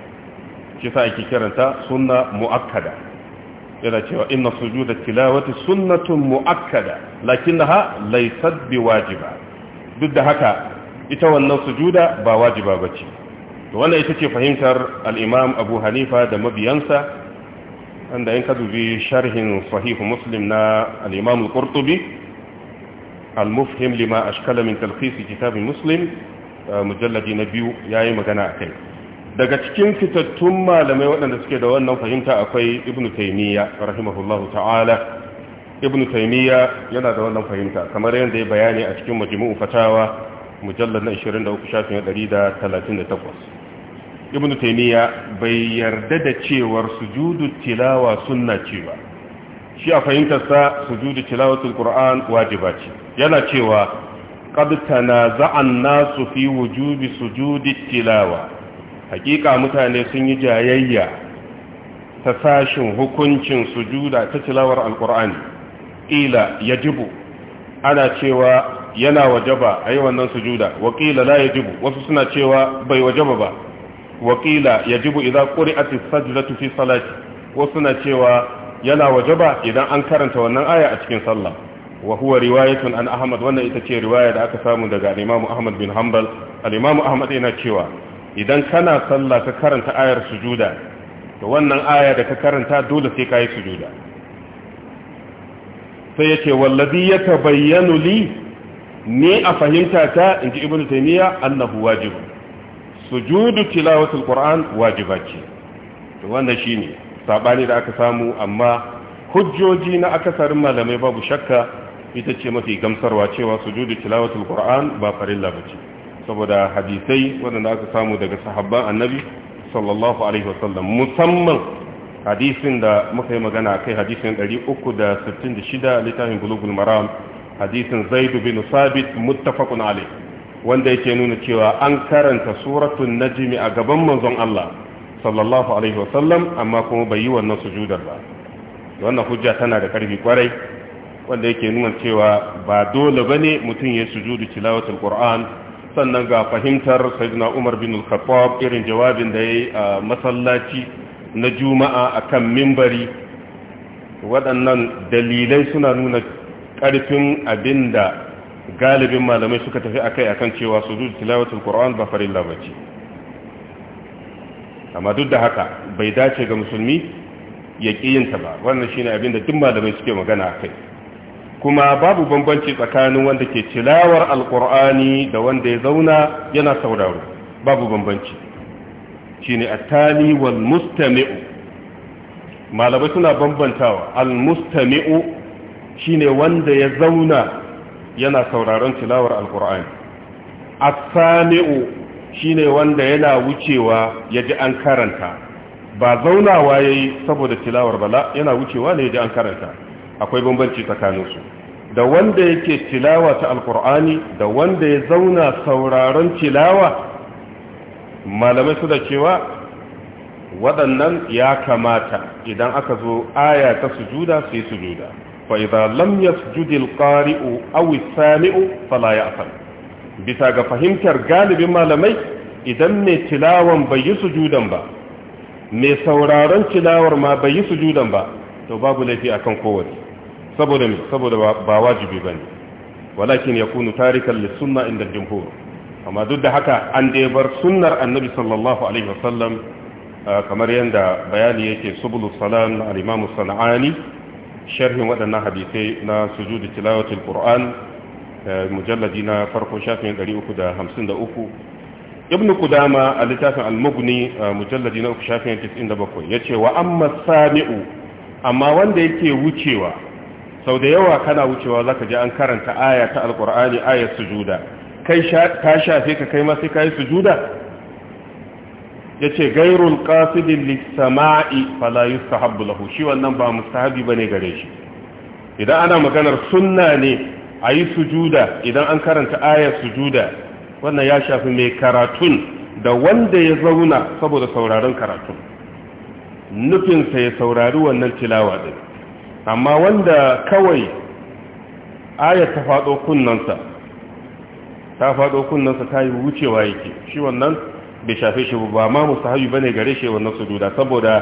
shi sa ake karanta sunna muakkada yana cewa inna sujuda tilawati sunnatun muakkada lakinnaha laysat biwajiba duk da haka ita wannan sujuda ba wajiba bace to wannan ita ce fahimtar al-imam Abu Hanifa da mabiyansa wanda in ka dubi sharhin sahihu muslim na al-imam al-qurtubi al-mufhim lima ashkala min muslim uh, na biyu yayi magana akai daga cikin fitattun malamai waɗanda suke da wannan fahimta akwai ibnu taimiyya rahimahullahu ta'ala ibnu taimiyya yana da wannan fahimta kamar yadda ya bayani a cikin majmu'u fatawa mujallar na 23 shafin 138 ibn taymiya bai yarda da cewar sujudu tilawa sunna ce ba shi a fahimtarsa sujudu tilawatul qur'an wajiba ce yana cewa qad tanaza'an nasu fi wujubi sujudi tilawa hakika mutane sun yi jayayya ta sashin hukuncin sujuda ta tilawar alqur'ani ila yajibu ana cewa yana wajaba ayi wannan sujuda wa qila la yajibu wasu suna cewa bai wajaba ba wakila yajibu idza quri'at as-sajdatu fi salati wasu na cewa yana wajaba idan an karanta wannan aya a cikin sallah wa huwa riwayatun an ahmad wannan ita ce riwaya da aka samu daga al ahmad bin hanbal al ahmad yana cewa idan kana sallah ka karanta ayar sujuda to wannan aya da ka karanta dole sai kai sujuda sai yace wallazi yatabayyanu li ni a fahimta ta inji ibnu taymiya annahu wajibun sujudu tilawatul qur'an wajiba ce to wannan shine sabani da aka samu amma hujjoji na akasarin malamai babu shakka ita ce mafi gamsarwa cewa sujudu tilawatul qur'an ba farilla bace saboda hadisai wanda aka samu daga sahabban annabi sallallahu alaihi wasallam musamman hadisin da muka yi magana kai hadisin 366 littafin bulugul maram hadisin zaid bin sabit muttafaqun alaihi wanda yake nuna cewa an karanta suratun najimi a gaban manzon Allah sallallahu alaihi wasallam amma kuma bai yi wannan sujudar ba wannan hujja tana da karfi kwarai wanda yake nuna cewa ba dole bane mutum ya sujudu tilawatul qur'an sannan ga fahimtar sayyidina Umar bin al-Khattab irin jawabin da yayi a masallaci na juma'a akan mimbari waɗannan dalilai suna nuna ƙarfin abinda galibin malamai suka tafi a akai akan cewa su duk tilawatin qur'an ba farin labarci amma duk da haka bai dace ga musulmi ya ƙiyinta ba wannan shine abin da duk malamai suke magana a kai, kuma babu bambanci tsakanin wanda ke tilawar alƙorani da wanda ya zauna yana sauraro babu bambanci shine attali wal mustami'u malamai suna bambantawa al mustami'u shine wanda ya zauna yana sauraron tilawar alkur'ani asami'u shine wanda yana wucewa yaji an karanta ba zaunawa yayi saboda tilawar bala yana wucewa ne yaji an karanta akwai bambanci tsakanin su da wanda yake tilawa ta alkur'ani da wanda ya zauna sauraron tilawa malamai su da cewa waɗannan ya kamata idan aka zo aya ta sujuda sai sujuda Fa'izalan idza lam yasjud al samiu fala ya'fal bisa ga fahimtar galibin malamai idan mai tilawan bai yi sujudan ba mai sauraron tilawar ma bai yi sujudan ba to babu laifi akan kowace saboda saboda ba wajibi bane walakin yakunu tarikan lis-sunnah inda jumhur amma duk da haka an dai sunnar annabi sallallahu alaihi wasallam kamar yadda bayani yake subul salam al sana'ani sharhin waɗannan hadisai na sujudu tilawatul qur'an eh, mujalladi na farko shafin 353 ibn kudama a littafin al-mughni eh, mujalladi na uku shafin 97 yace wa amma sami'u amma wanda yake wucewa sau da yawa kana wucewa zaka ji an karanta aya ta alqur'ani ayat sujuda kai ka shafe ka kai ma sai kai sujuda ya ce gairun ƙasidin lissama'i samai ta yustahabbu lahu shi wannan ba mustahabi ne gare shi idan ana maganar sunna ne ayi sujuda idan an karanta ayar sujuda wannan ya shafi mai karatun da wanda ya zauna saboda sauraron karatun nufinsa ya saurari wannan tilawa ɗin amma wanda kawai ayar ta faɗo kunnansa ta faɗo kunnansa ta yi wucewa yake shi wannan bai shafe shi ba ma mustahabi bane gare shi wannan sujuda saboda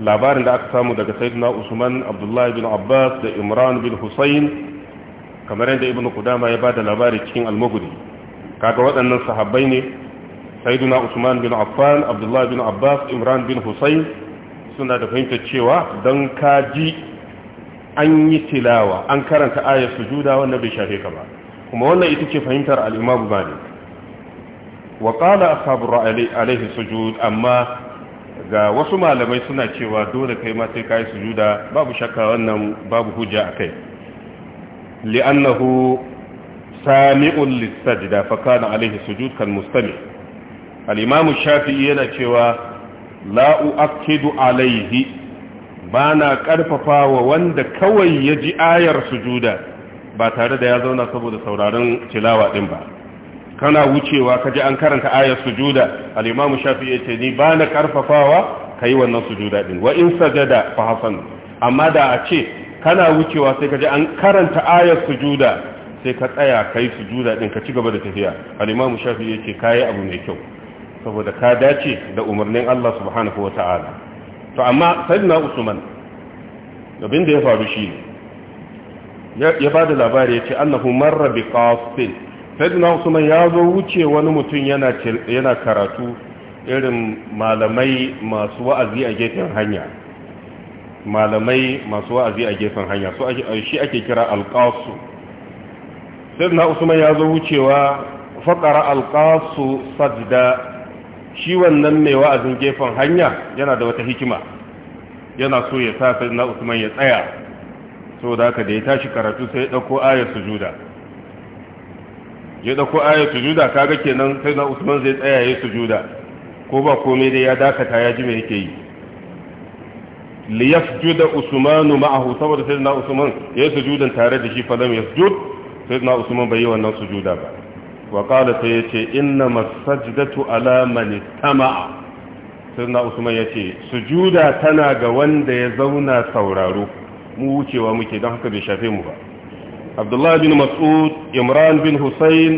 labarin da aka samu daga sayyidina Usman Abdullahi bin Abbas da Imran bin Husayn kamar yadda ibnu Qudama ya bada labari cikin al kaga waɗannan sahabbai ne sayyidina Usman bin Affan Abdullahi bin Abbas Imran bin Husayn suna da fahimtar cewa dan kaji an yi tilawa an karanta ayar sujuda wannan bai shafe ka ba kuma wannan ita ce fahimtar al-Imam Malik wa a ashabu alaihi sujud amma ga wasu malamai suna cewa dole kai ma sai ka yi sujuda babu shakka wannan babu hujja a kai li'annahu sami'un lis da fa alaihi sujud kan mustami al'imamu shafi'i yana cewa lau akidu alaihi ba na ƙarfafa wa wanda kawai ya ji ayar sujuda ba tare da ya zauna saboda sauraron tilawa din ba kana wucewa ji an karanta ayar sujuda al-imam shafi'i yace ni ba na karfafawa kai wannan sujuda din wa in sajada fa hasan amma da a ce kana wucewa sai ka ji an karanta ayar sujuda sai ka tsaya kai sujuda din ka ci gaba da tafiya al-imam ce yace kai abu mai kyau saboda ka dace da umarnin Allah subhanahu Ta'ala. to amma sayyidina usman abin da ya faru shi ya ba da labari ya ce annahu marra bi qasin sayyidina usman ya zo wuce wani mutum yana karatu irin malamai masu wa'azi a gefen hanya malamai masu wa'azi a gefen hanya su shi ake kira alqasu sayyidina usman ya zo wucewa faqara alqasu sajda shi wannan mai wa'azin gefen hanya yana da wata hikima yana so ya sa sayyidina usman ya tsaya saboda haka da ya tashi karatu sai ya dauko ayar sujuda ya dauko ayat sujuda kaga kenan sai na Usman zai tsaya ya sujuda ko ba komai dai ya dakata ya ji me yake yi li yasjuda Usman ma'ahu saboda sai na Usman ya sujudan tare da shi fa lam yasjud sai na Usman bai yi wannan sujuda ba wa qala sai yace inna masajdatu ala man istama'a sai na Usman yace sujuda tana ga wanda ya zauna sauraro mu wucewa muke don haka bai shafe mu ba abdullahi bin mas'ud imran bin hussein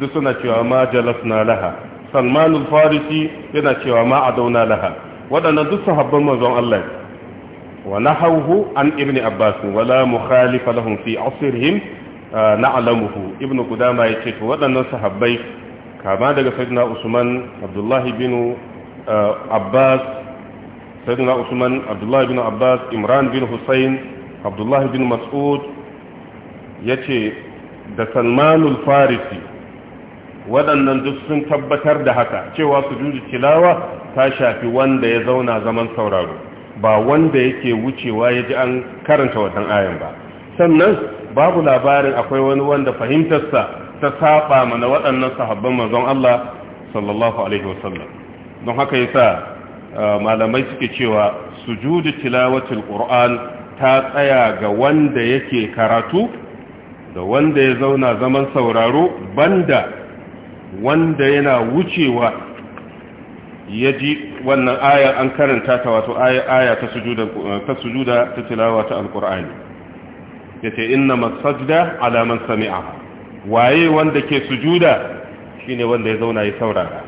duk suna cewa ma jalasna laha salman al-farisi yana cewa ma adauna laha waɗannan duk sahabban manzon Allah wa nahawhu an ibn abbas wala mukhalifa lahum fi asrihim na'lamuhu ibn qudama yace to waɗannan sahabbai kama daga sayyidina usman abdullahi bin abbas sayyidina usman abdullahi bin abbas imran bin husayn abdullahi bin mas'ud ya ce da salmanul farisi waɗannan duk sun tabbatar da haka cewa su juji tilawa ta shafi wanda ya zauna zaman sauraro ba wanda yake wucewa ya ji an karanta wannan ayan ba sannan babu labarin akwai wani wanda fahimtarsa ta saba mana waɗannan sahabban manzon Allah sallallahu alaihi wasallam don haka yasa uh, malamai suke cewa sujudu tilawatul qur'an ta tsaya ga wanda yake karatu da wanda ya zauna zaman sauraro banda wanda yana wucewa ya ji wannan aya an karanta ta wato aya ta sujuda ta tilawa ta alkur'ani ya ce inna masajda alaman sami'a waye wanda ke sujuda shine wanda ya zauna ya saurara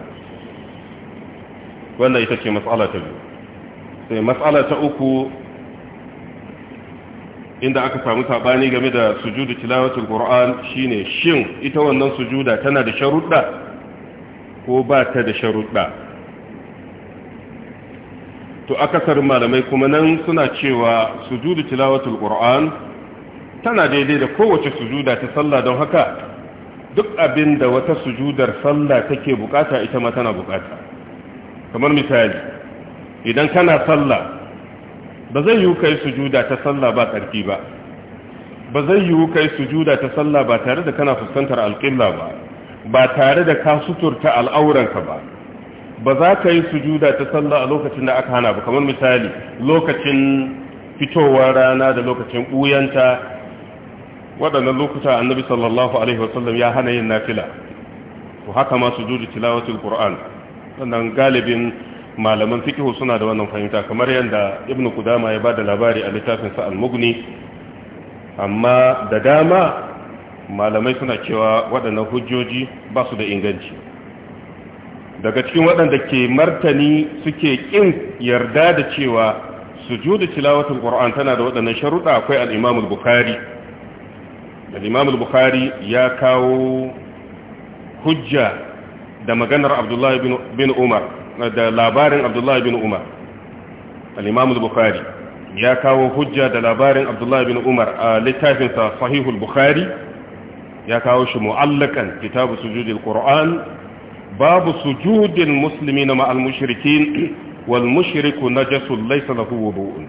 wannan ita ce matsala ta biyu sai matsala ta uku inda aka samu sabani game da sujudu tilawatul qur'an shine shin ita wannan sujuda tana da sharuɗa ko ba ta da sharuɗa to akasar malamai kuma nan suna cewa sujudu tilawatul qur'an tana daidai da kowace sujuda ta sallah don haka duk abin da wata sujudar sallah take bukata ita ma tana bukata kamar misali idan kana sallah ba zai yiwu kai sujuda ta sallah ba tsarki ba ba zai yiwu kai sujuda ta sallah ba tare da kana fuskantar alƙibla ba ba tare da ka suturta al'auranka ba ba za ka yi sujuda ta sallah a lokacin da aka hana ba kamar misali lokacin fitowar rana da lokacin ɓuyanta waɗannan lokuta annabi sallallahu alaihi wasallam ya hana yin nafila to haka ma sujudu tilawatul qur'an sannan galibin malaman fikihu suna da wannan fahimta kamar yadda ibnu kudama ya ba da labari a littafin al-mughni amma da dama malamai suna cewa waɗannan hujjoji ba su da inganci daga cikin waɗanda ke martani suke ƙin yarda da cewa sujudu tilawatul qur'an tana da waɗannan sharuɗa akwai al-imam al-bukhari al bukhari ya kawo hujja da maganar abdullahi bin umar da labarin abdullahi bin umar al bukhari ya kawo hujja da labarin abdullahi bin umar a littafinsa sahihul bukhari ya kawo shi mu'allakan kitabu sujudil qur'an babu sujudin muslimina ma'al mushrikin wal mushriku najasun laysa lahu wudu'un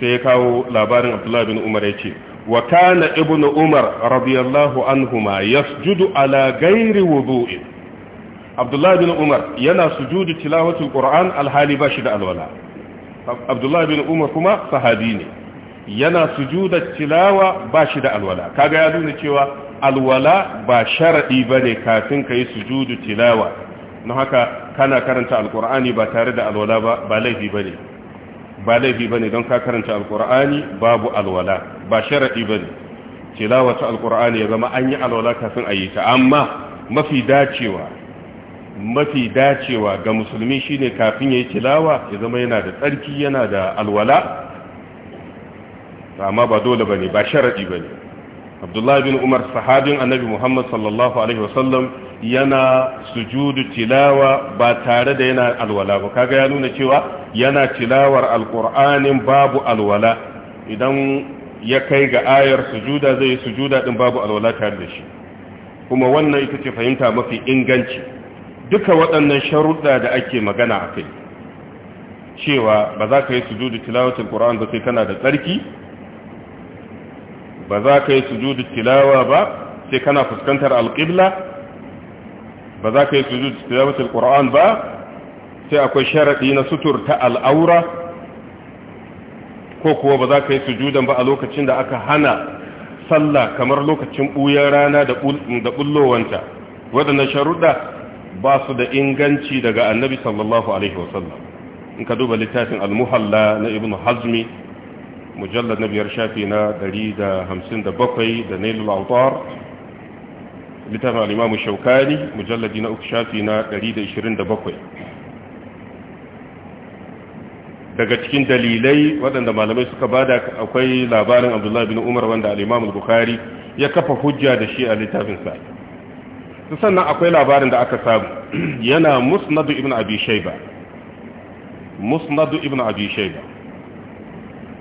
sai ya kawo labarin abdullahi bin umar ce wa kana ibnu umar radiyallahu anhuma yasjudu ala gairi wudu'in abdullahi bin umar yana sujudu tilawatul qur'an alhali ba shi da alwala abdullahi bin umar kuma sahabi ne yana sujuda tilawa ba shi da alwala kaga ya nuna cewa alwala ba sharaɗi bane kafin kai sujudu tilawa na haka kana karanta alqur'ani ba tare da alwala ba ba laifi bane ba laifi bane don ka karanta alqur'ani babu alwala ba sharadi bane tilawatu alqur'ani ya zama an yi alwala kafin a yi ta amma mafi dacewa mafi dacewa ga musulmi shine kafin yayi tilawa ya zama yana da tsarki yana da alwala amma ba dole ne ba ba ne Abdullahi bin Umar sahabin Annabi Muhammad sallallahu alaihi wasallam yana sujudu tilawa ba tare da yana alwala ba kaga ya nuna cewa yana tilawar alqur'anin babu alwala idan ya kai ga ayar sujuda zai yi sujuda din babu alwala tare da shi kuma wannan ita ce fahimta mafi inganci duka waɗannan sharuɗa da ake magana a kai cewa ba za ka yi sujudu tilawatin ƙura'an ba sai kana da tsarki ba za ka yi sujudu tilawa ba sai kana fuskantar alƙibla ba za ka yi sujudu tilawatin ƙura'an ba sai akwai sharaɗi na sutur ta al'aura ko kuwa ba za ka yi sujudan ba a lokacin da aka hana sallah kamar lokacin ɓuyar rana da ɓullowanta waɗannan sharuɗa ba su da inganci daga annabi sallallahu alaihi wasallam in ka duba littafin al-muhalla na ibn hazmi mujallar na biyar shafi na 157 da nailul autar littafin al imam shaukani mujalladi na uku shafi na 127 daga cikin dalilai waɗanda malamai suka bada akwai labarin abdullahi bin umar wanda al al bukhari ya kafa hujja da shi a littafin sa. sannan akwai labarin da aka samu yana musnadu ibn abi shayba musnadu ibn abi shayba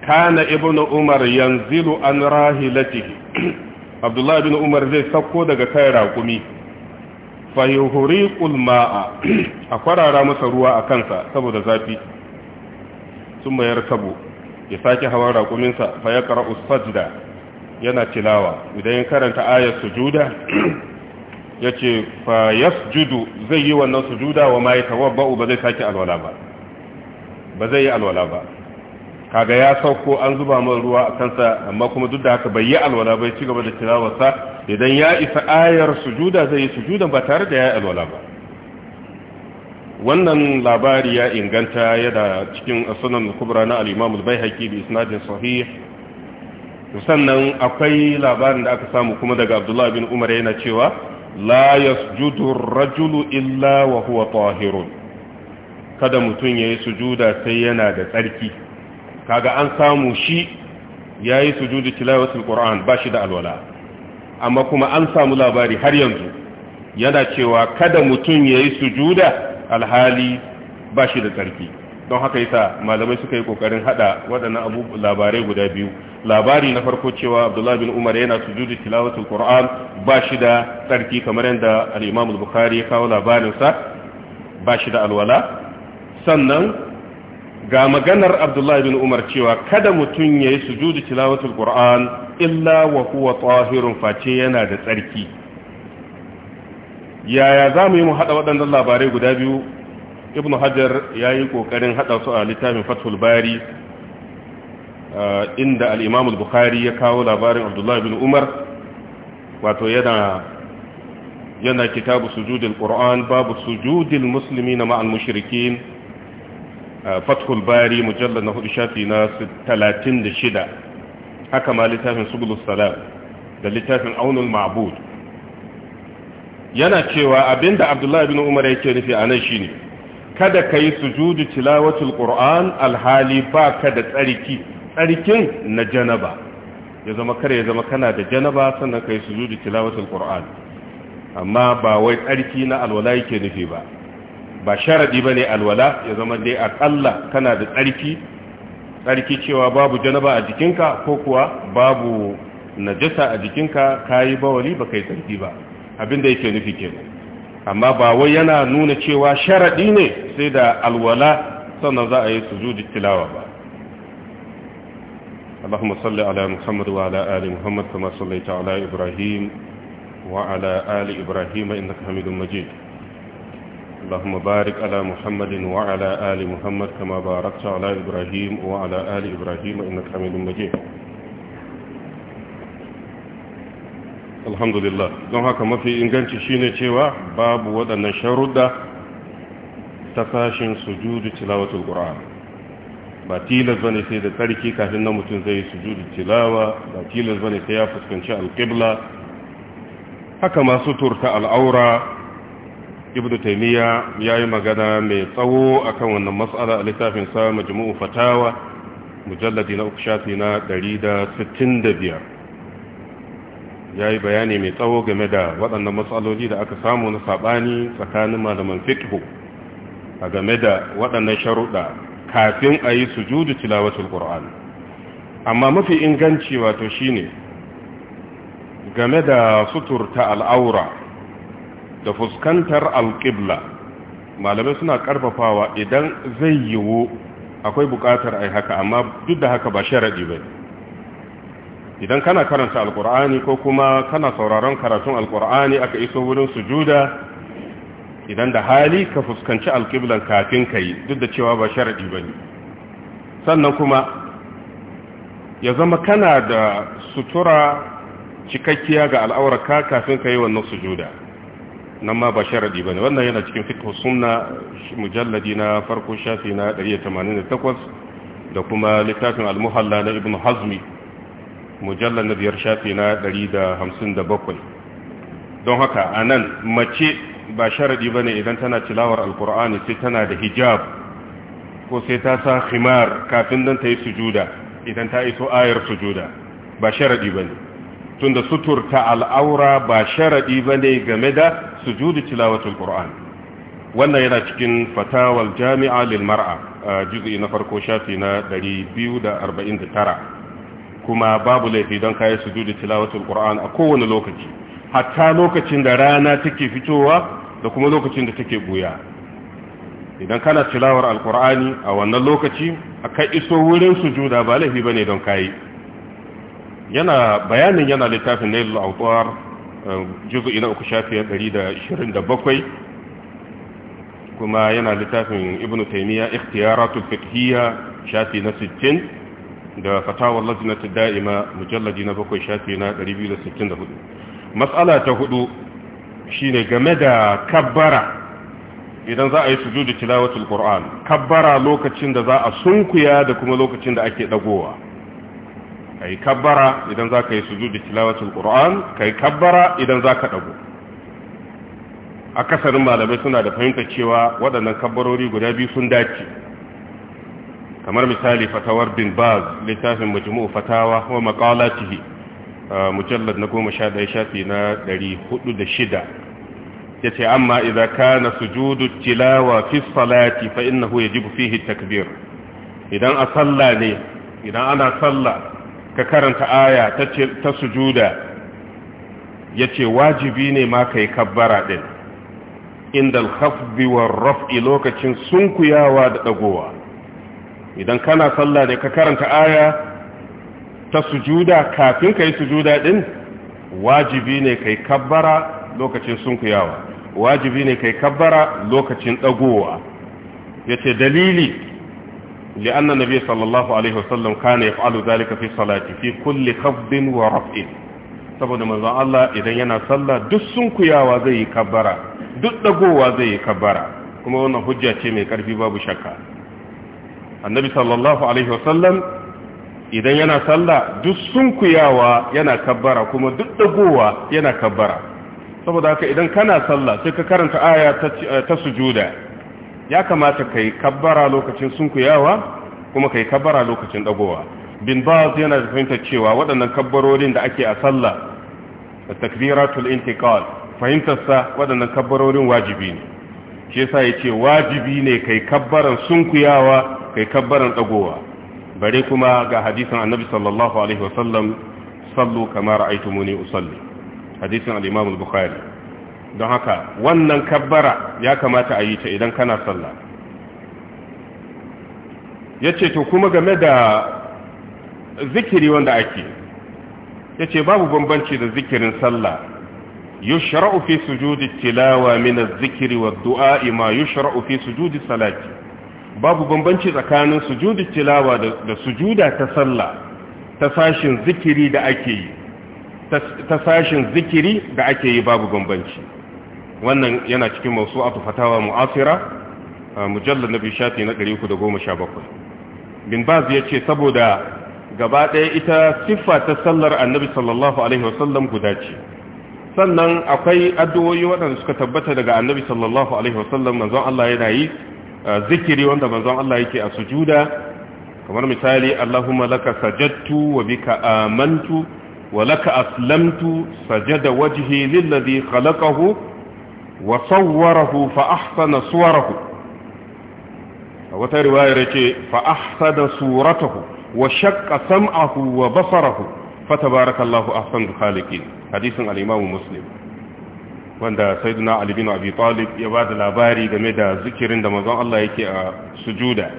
kana ibn umar yanzilu an rahilatihi abdullahi ibn umar zai sauko daga kai raƙumi fayuhuriqul ma'a a kwarara masa ruwa a kansa saboda zafi sun mayar sabo ya sake hawan raƙuminsa fa ya qara'u yana tilawa idan ya karanta ayat sujuda Ya ce fa yasjudu zai yi wannan sujuda wa ma yatawabba'u ba zai sake alwala ba ba zai yi alwala ba kaga ya sauko an zuba man ruwa a kansa amma kuma duk da haka bai yi alwala bai ci gaba da tilawarsa idan ya isa ayar sujuda zai yi sujudan ba tare da ya yi alwala ba wannan labari ya inganta yana cikin sunan kubra na al-imam al-baihaqi bi isnadin sahih sannan akwai labarin da aka samu kuma daga abdullah bin umar yana cewa لا يسجد rajulu illa وهو طاهر kada mutum yayi sujuda sai yana da tsarki kaga an samu shi yayi sujudu tilawatul qur'an ba shi da alwala amma kuma an samu labari har yanzu yana cewa kada mutum yayi sujuda alhali ba shi da tsarki don haka yasa malamai suka yi kokarin hada waɗannan abu labarai guda biyu labari na farko cewa abdullahi bin umar yana sujudu tilawatul qur'an ba shi da tsarki kamar yadda al-imam al-bukhari ya kawo labarin sa ba shi da alwala sannan ga maganar abdullahi bin umar cewa kada mutum ya yi sujudu tilawatul qur'an illa wa huwa tahirun face yana da tsarki yaya za mu yi mu haɗa waɗannan labarai guda biyu ibn hajar ya yi ƙoƙarin haɗa su a littafin fathul bari inda al'imam bukhari ya kawo labarin abdullahi bin umar wato yana yana kitabu sujudil ƙura'an babu sujudin musulmi na ma'al mushrikin fathul bari mujallar na hudu shafi na 36 haka ma littafin subulus salam da littafin aunul ma'bud yana cewa abinda abdullahi bin umar yake nufi a nan shine kada ka yi sujudu tilawatul qur'an alhali ba ka da tsarki tsarkin na janaba ya zama kare ya zama kana da janaba sannan ka yi sujudu tilawatul qur'an amma ba wai tsarki na alwala yake nufi ba ba sharadi bane alwala ya zama dai akalla kana da tsarki tsarki cewa babu janaba a jikinka ko kuwa babu najasa a jikinka kayi bawali ba kai tsarki ba abinda yake nufi kenan amma ba wai yana nuna cewa sharaɗi ne sai da alwala sannan za a yi su judi tilawa ba allahumma salli ala muhammadu wa ali muhammadu kama salli ta ala ibrahim wa ala ali ibrahim inda hamidun allahumma barik ala muhammadin wa ala ali muhammadu kama barakta ala ibrahim wa ala ali ibrahim inda hamidun alhamdulillah don haka mafi inganci shine cewa babu waɗannan sharuɗa ta sashin sujudu tilawatul qur'an ba tilas bane sai da tsarki kafin na mutum zai sujudu tilawa ba tilas bane sai ya fuskanci alqibla haka ma suturta al'aura ibnu taymiya yayi magana mai tsawo akan wannan mas'ala a littafin sa majmu'u fatawa mujalladi na uku shafi na 165 ya yi bayani mai tsawo game da waɗannan matsaloli da aka samu na saɓani tsakanin malaman fiqhu a game da waɗannan sharuɗa kafin a yi su judu tilawatul qur'an amma mafi inganci wato shi ne, game da suturta al'aura da fuskantar alƙibla malamai suna ƙarfafawa idan zai yiwu akwai buƙatar ai haka amma duk da haka ba sharaɗi ba idan kana karanta alkur'ani ko kuma kana sauraron karatun alkur'ani aka iso wurin sujuda idan da hali ka fuskanci alkiblan kafin ka yi duk da cewa ba sharaɗi ba sannan kuma ya zama kana da sutura cikakkiya ga al'aurarka kafin ka yi wannan sujuda nan ma ba sharaɗi ba wannan yana cikin fitar sunna mujalladi na farko shafi na 188 da kuma littafin almuhalla na ibn hazmi mujallar na biyar shafi na bakwai don haka a nan mace ba sharaɗi ba ne idan tana cilawar alkur'ani sai tana da hijab ko sai ta sa khimar kafin don ta yi sujuda idan ta iso ayar sujuda ba sharaɗi ba ne tun da suturta al'aura ba sharaɗi ba ne game da sujudu cilawar Alƙur'ani wannan yana cikin fatawar jami'a lil a juz'i na farko shafi na 249 kuma babu laifi don kayi sujudu tilawatul qur'an a kowane lokaci hatta lokacin da rana take fitowa da kuma lokacin da take buya idan kana tilawar alqur'ani a wannan lokaci akai iso wurin sujuda ba laifi bane don kayi yana bayanin yana littafin al awtar eh, juz'i na uku kuma yana littafin ibnu taymiya ikhtiyaratul fiqhiyya shafi na 60 da fatawar ta da'ima mujallaji na bakwai shafi na 264 matsala ta hudu shine game da kabbara idan za a yi sujudu tilawatul qur'an kabbara lokacin da za a sunkuya da kuma lokacin da ake dagowa kai kabbara idan za ka yi sujudu tilawatul qur'an kai kabbara idan za ka dago akasarin malamai suna da fahimtar cewa waɗannan kabbarori guda biyu sun dace kamar misali fatawar bin baz littafin majmu'u fatawa wa maqalatihi mujallad na 11 shafi na Ya yace amma idza kana sujudu tilawa fi salati fa innahu yajibu fihi takbir idan a salla ne idan ana salla ka karanta aya ta ta sujuda yace wajibi ne ma kai kabbara din inda al-khafdi war raf'i lokacin sunkuyawa da dagowa idan kana sallah ne ka karanta aya ta sujuda kafin ka yi sujuda din wajibi ne yi kabbara lokacin sunkuyawa wajibi ne yi kabbara lokacin dagowa ce dalili لأن النبي صلى الله عليه وسلم كان يفعل ذلك في صلاته في كل خفض ورفع saboda manzon Allah idan yana sallah duk sunkuyawa zai yi kabbara duk dagowa zai yi kabbara kuma wannan hujja ce mai karfi babu shakka annabi sallallahu alaihi wasallam idan yana sallah duk sunkuyawa yana kabbara kuma duk dagowa yana kabbara saboda haka idan kana sallah sai ka karanta aya ta sujuda ya kamata kai kabbara lokacin sunkuyawa kuma kai kabbara lokacin dagowa bin baz yana da fahimtar cewa waɗannan kabbarorin da ake a sallah takbiratul intiqal fahimtar sa waɗannan kabbarorin wajibi ne shi yasa yace wajibi ne kai kabbaran sunkuyawa kai kabbaran dagowa bare kuma ga hadisin annabi sallallahu alaihi wasallam sallu kama ra'aytumuni usalli hadisin al-imam al-bukhari don haka wannan kabbara ya kamata a yi ta idan kana sallah yace to kuma game da zikiri wanda ake yace babu bambanci da zikirin sallah yushra'u fi sujudi tilawa min az-zikri wad-du'a ma yushra'u fi sujudi salati babu bambanci tsakanin sujudi tilawa da sujuda ta sallah ta sashin zikiri da ake yi ta sashin zikiri da ake yi babu bambanci wannan yana cikin masu a fatawa mu'asira mujallar na bishati na 317 bin baz ya ce saboda gaba ɗaya ita siffa ta sallar annabi sallallahu alaihi wasallam guda ce sannan akwai addu'o'i waɗanda suka tabbata daga annabi sallallahu alaihi wasallam manzon Allah yana yi Ah, zikiri wanda manzon Allah yake a sujuda kamar misali Allahumma laka sajadtu wa bika amantu wa laka aslamtu sajada wajhi lilladhi khalaqahu wa sawwarahu fa ahsana suwarahu wata riwayar yace fa ahsana suratahu wa shaqqa sam'ahu wa basarahu fa tabarakallahu ahsanul khaliqin hadisin al-imam muslim wanda saiduna ali bin abi talib ya ba da labari game da zikirin da manzon Allah yake a sujuda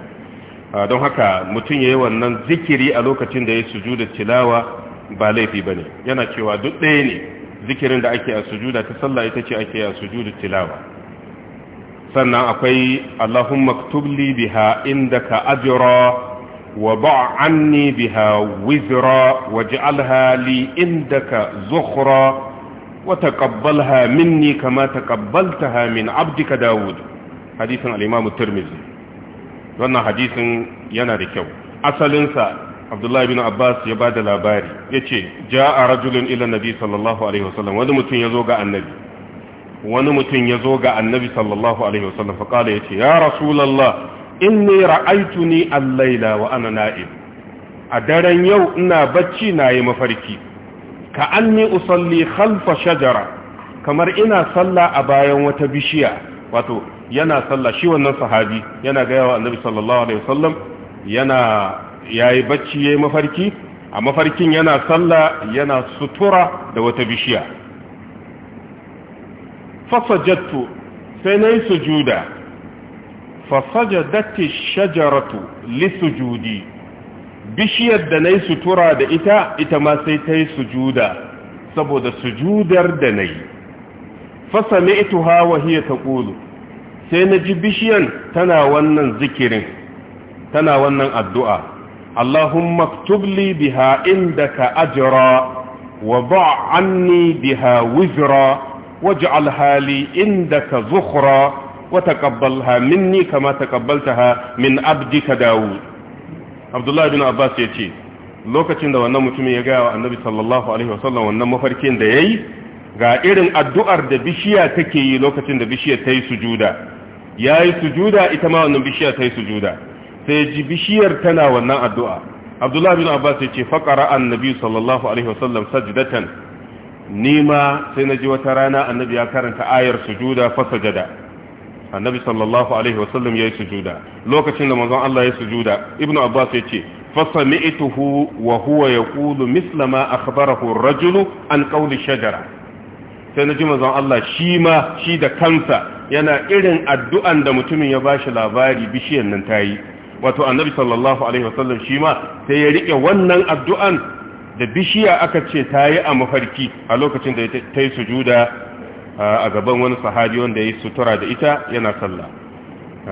don haka mutum ya yi wannan zikiri a lokacin da yayi sujuda tilawa ba laifi ba ne yana cewa duk ɗaya ne zikirin da ake a sujuda ta sallah ita ce ake a sujuda tilawa sannan akwai Allahumma maktubli biha biha indaka ajra wa ba' anni biha wizra waj'alha inda indaka zukhra وتقبلها مني كما تقبلتها من عبدك داود حديث الإمام الترمذي wannan hadisin yana da kyau asalinsa abdullahi bin abbas ya ba da labari ya ce ja a rajulun ilan sallallahu alaihi wasallam wani mutum ya ga annabi wani mutum ya zo ga annabi sallallahu alaihi wasallam faƙala ya ce ya rasulallah inni ra'aitu ni allaila wa ana na'im a daren yau ina bacci na yi mafarki ka anni usalli khalfa shajara kamar ina salla a bayan wata bishiya wato yana salla shi wannan sahabi yana ga yawa annabi sallallahu alaihi wasallam yana yayi bacci yayi mafarki a mafarkin yana salla yana sutura da wata bishiya fasajattu sai nayi sujuda fasajadat ash-shajaratu li sujudi bishiyar da na yi sutura da ita ita ma sai ta yi sujuda saboda sujudar da na yi fasame ita hawa hiya ta ƙulu sai na ji bishiyan tana wannan zikirin tana wannan addu'a Allahumma ktubli biha inda ka ajira wa anni biha wizra waje alhali inda ka zukhra wa taqabbalha minni kama taqabbaltaha min abdika dawud abdullahi bin abbas ya ce lokacin da wannan mutumin ya gaya wa annabi sallallahu alaihi wasallam wannan mafarkin da ya yi ga irin addu'ar da bishiya take yi lokacin da bishiyar ta yi sujuda ya yi sujuda ita ma wannan bishiyar ta yi sujuda sai ji bishiyar tana wannan addu'a abdullahi bin abbas ya ce faƙara annabi sallallahu alaihi wasallam sajidatan ni ma sai na ji wata rana annabi ya karanta ayar sujuda fasajada annabi sallallahu alaihi wasallam ya yi sujuda lokacin da manzon Allah ya sujuda ibnu abbas ya ce fasami'tuhu wa huwa yaqulu misla ma akhbarahu ar-rajulu an qawli shajara sai naji manzon Allah shi ma shi da kansa yana irin addu'an da mutumin ya bashi labari bishiyar nan tayi wato annabi sallallahu alaihi wasallam shi ma sai ya rike wannan addu'an da bishiya aka ce tayi a mafarki a lokacin da ta yi sujuda a gaban wani sahabi wanda ya yi sutura da ita yana sallah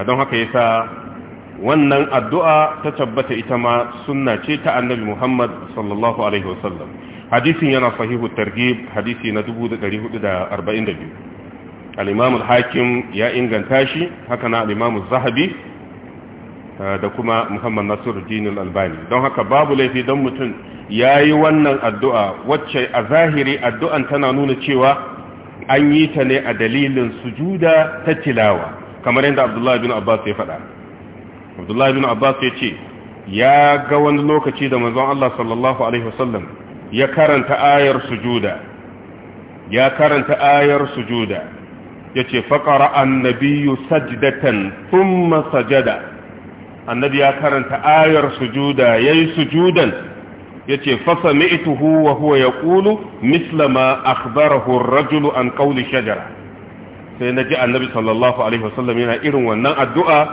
don haka yasa wannan addu'a ta tabbata ita ma sunna ce ta annabi Muhammad sallallahu alaihi wasallam hadisin yana sahihu targhib hadisi na 1442 al hakim ya inganta shi haka na alimamul zahabi da kuma Muhammad Nasiruddin al-Albani don haka babu laifi don mutum yayi wannan addu'a wacce a zahiri addu'an tana nuna cewa an yi ta ne a dalilin sujuda ta tilawa kamar yadda abdullahi bin abbas ya faɗa abdullahi bin abbas ya ce ya ga wani lokaci da manzon Allah sallallahu alaihi wasallam ya karanta ayar sujuda ya karanta ayar sujuda yace faqara annabiyyu sajdatan thumma sajada annabi ya karanta ayar sujuda yayi sujudan ya ce sami'tuhu wa huwa ya misla ma akhbarahu rajulu an ƙauli shajara sai na ji annabi sallallahu alaihi wasallam yana irin wannan addu'a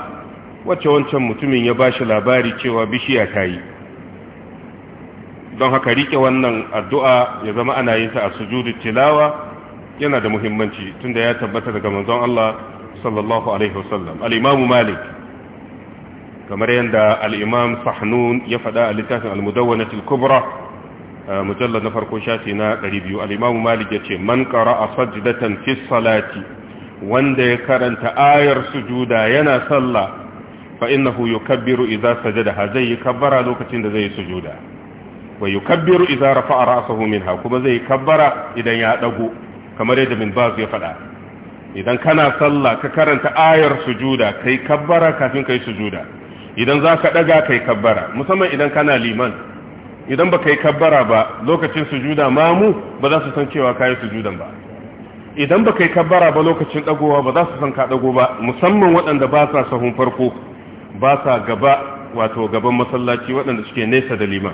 wacce wancan mutumin ya bashi labari cewa bishiya ta yi don haka rike wannan addu'a ya zama ana yin ta a sujudu tilawa yana da muhimmanci tunda ya tabbata daga manzon Allah sallallahu alaihi wasallam al-imamu malik kamar yadda al'imam sahnun ya faɗa a littafin almudawanatul kubra mujallar na farko shafi na 200 al'imamu malik ya ce man ƙara a sajidatan fi salati wanda ya karanta ayar sujuda yana sallah fa innahu yukabbiru idza sajada zai yi kabbara lokacin da zai yi sujuda wa yukabbiru idza rafa'a ra'sahu ha kuma zai kabbara idan ya dago kamar yadda bin baz ya faɗa idan kana sallah ka karanta ayar sujuda kai kabbara kafin ka yi sujuda idan za ka ɗaga kai kabbara musamman idan kana liman idan ba kai kabbara ba lokacin sujuda mamu ba za su san cewa ka yi sujudan ba idan ba kai kabbara ba lokacin ɗagowa ba za su san ka ɗago ba musamman waɗanda ba sa sahun farko ba sa gaba wato gaban masallaci waɗanda suke nesa da liman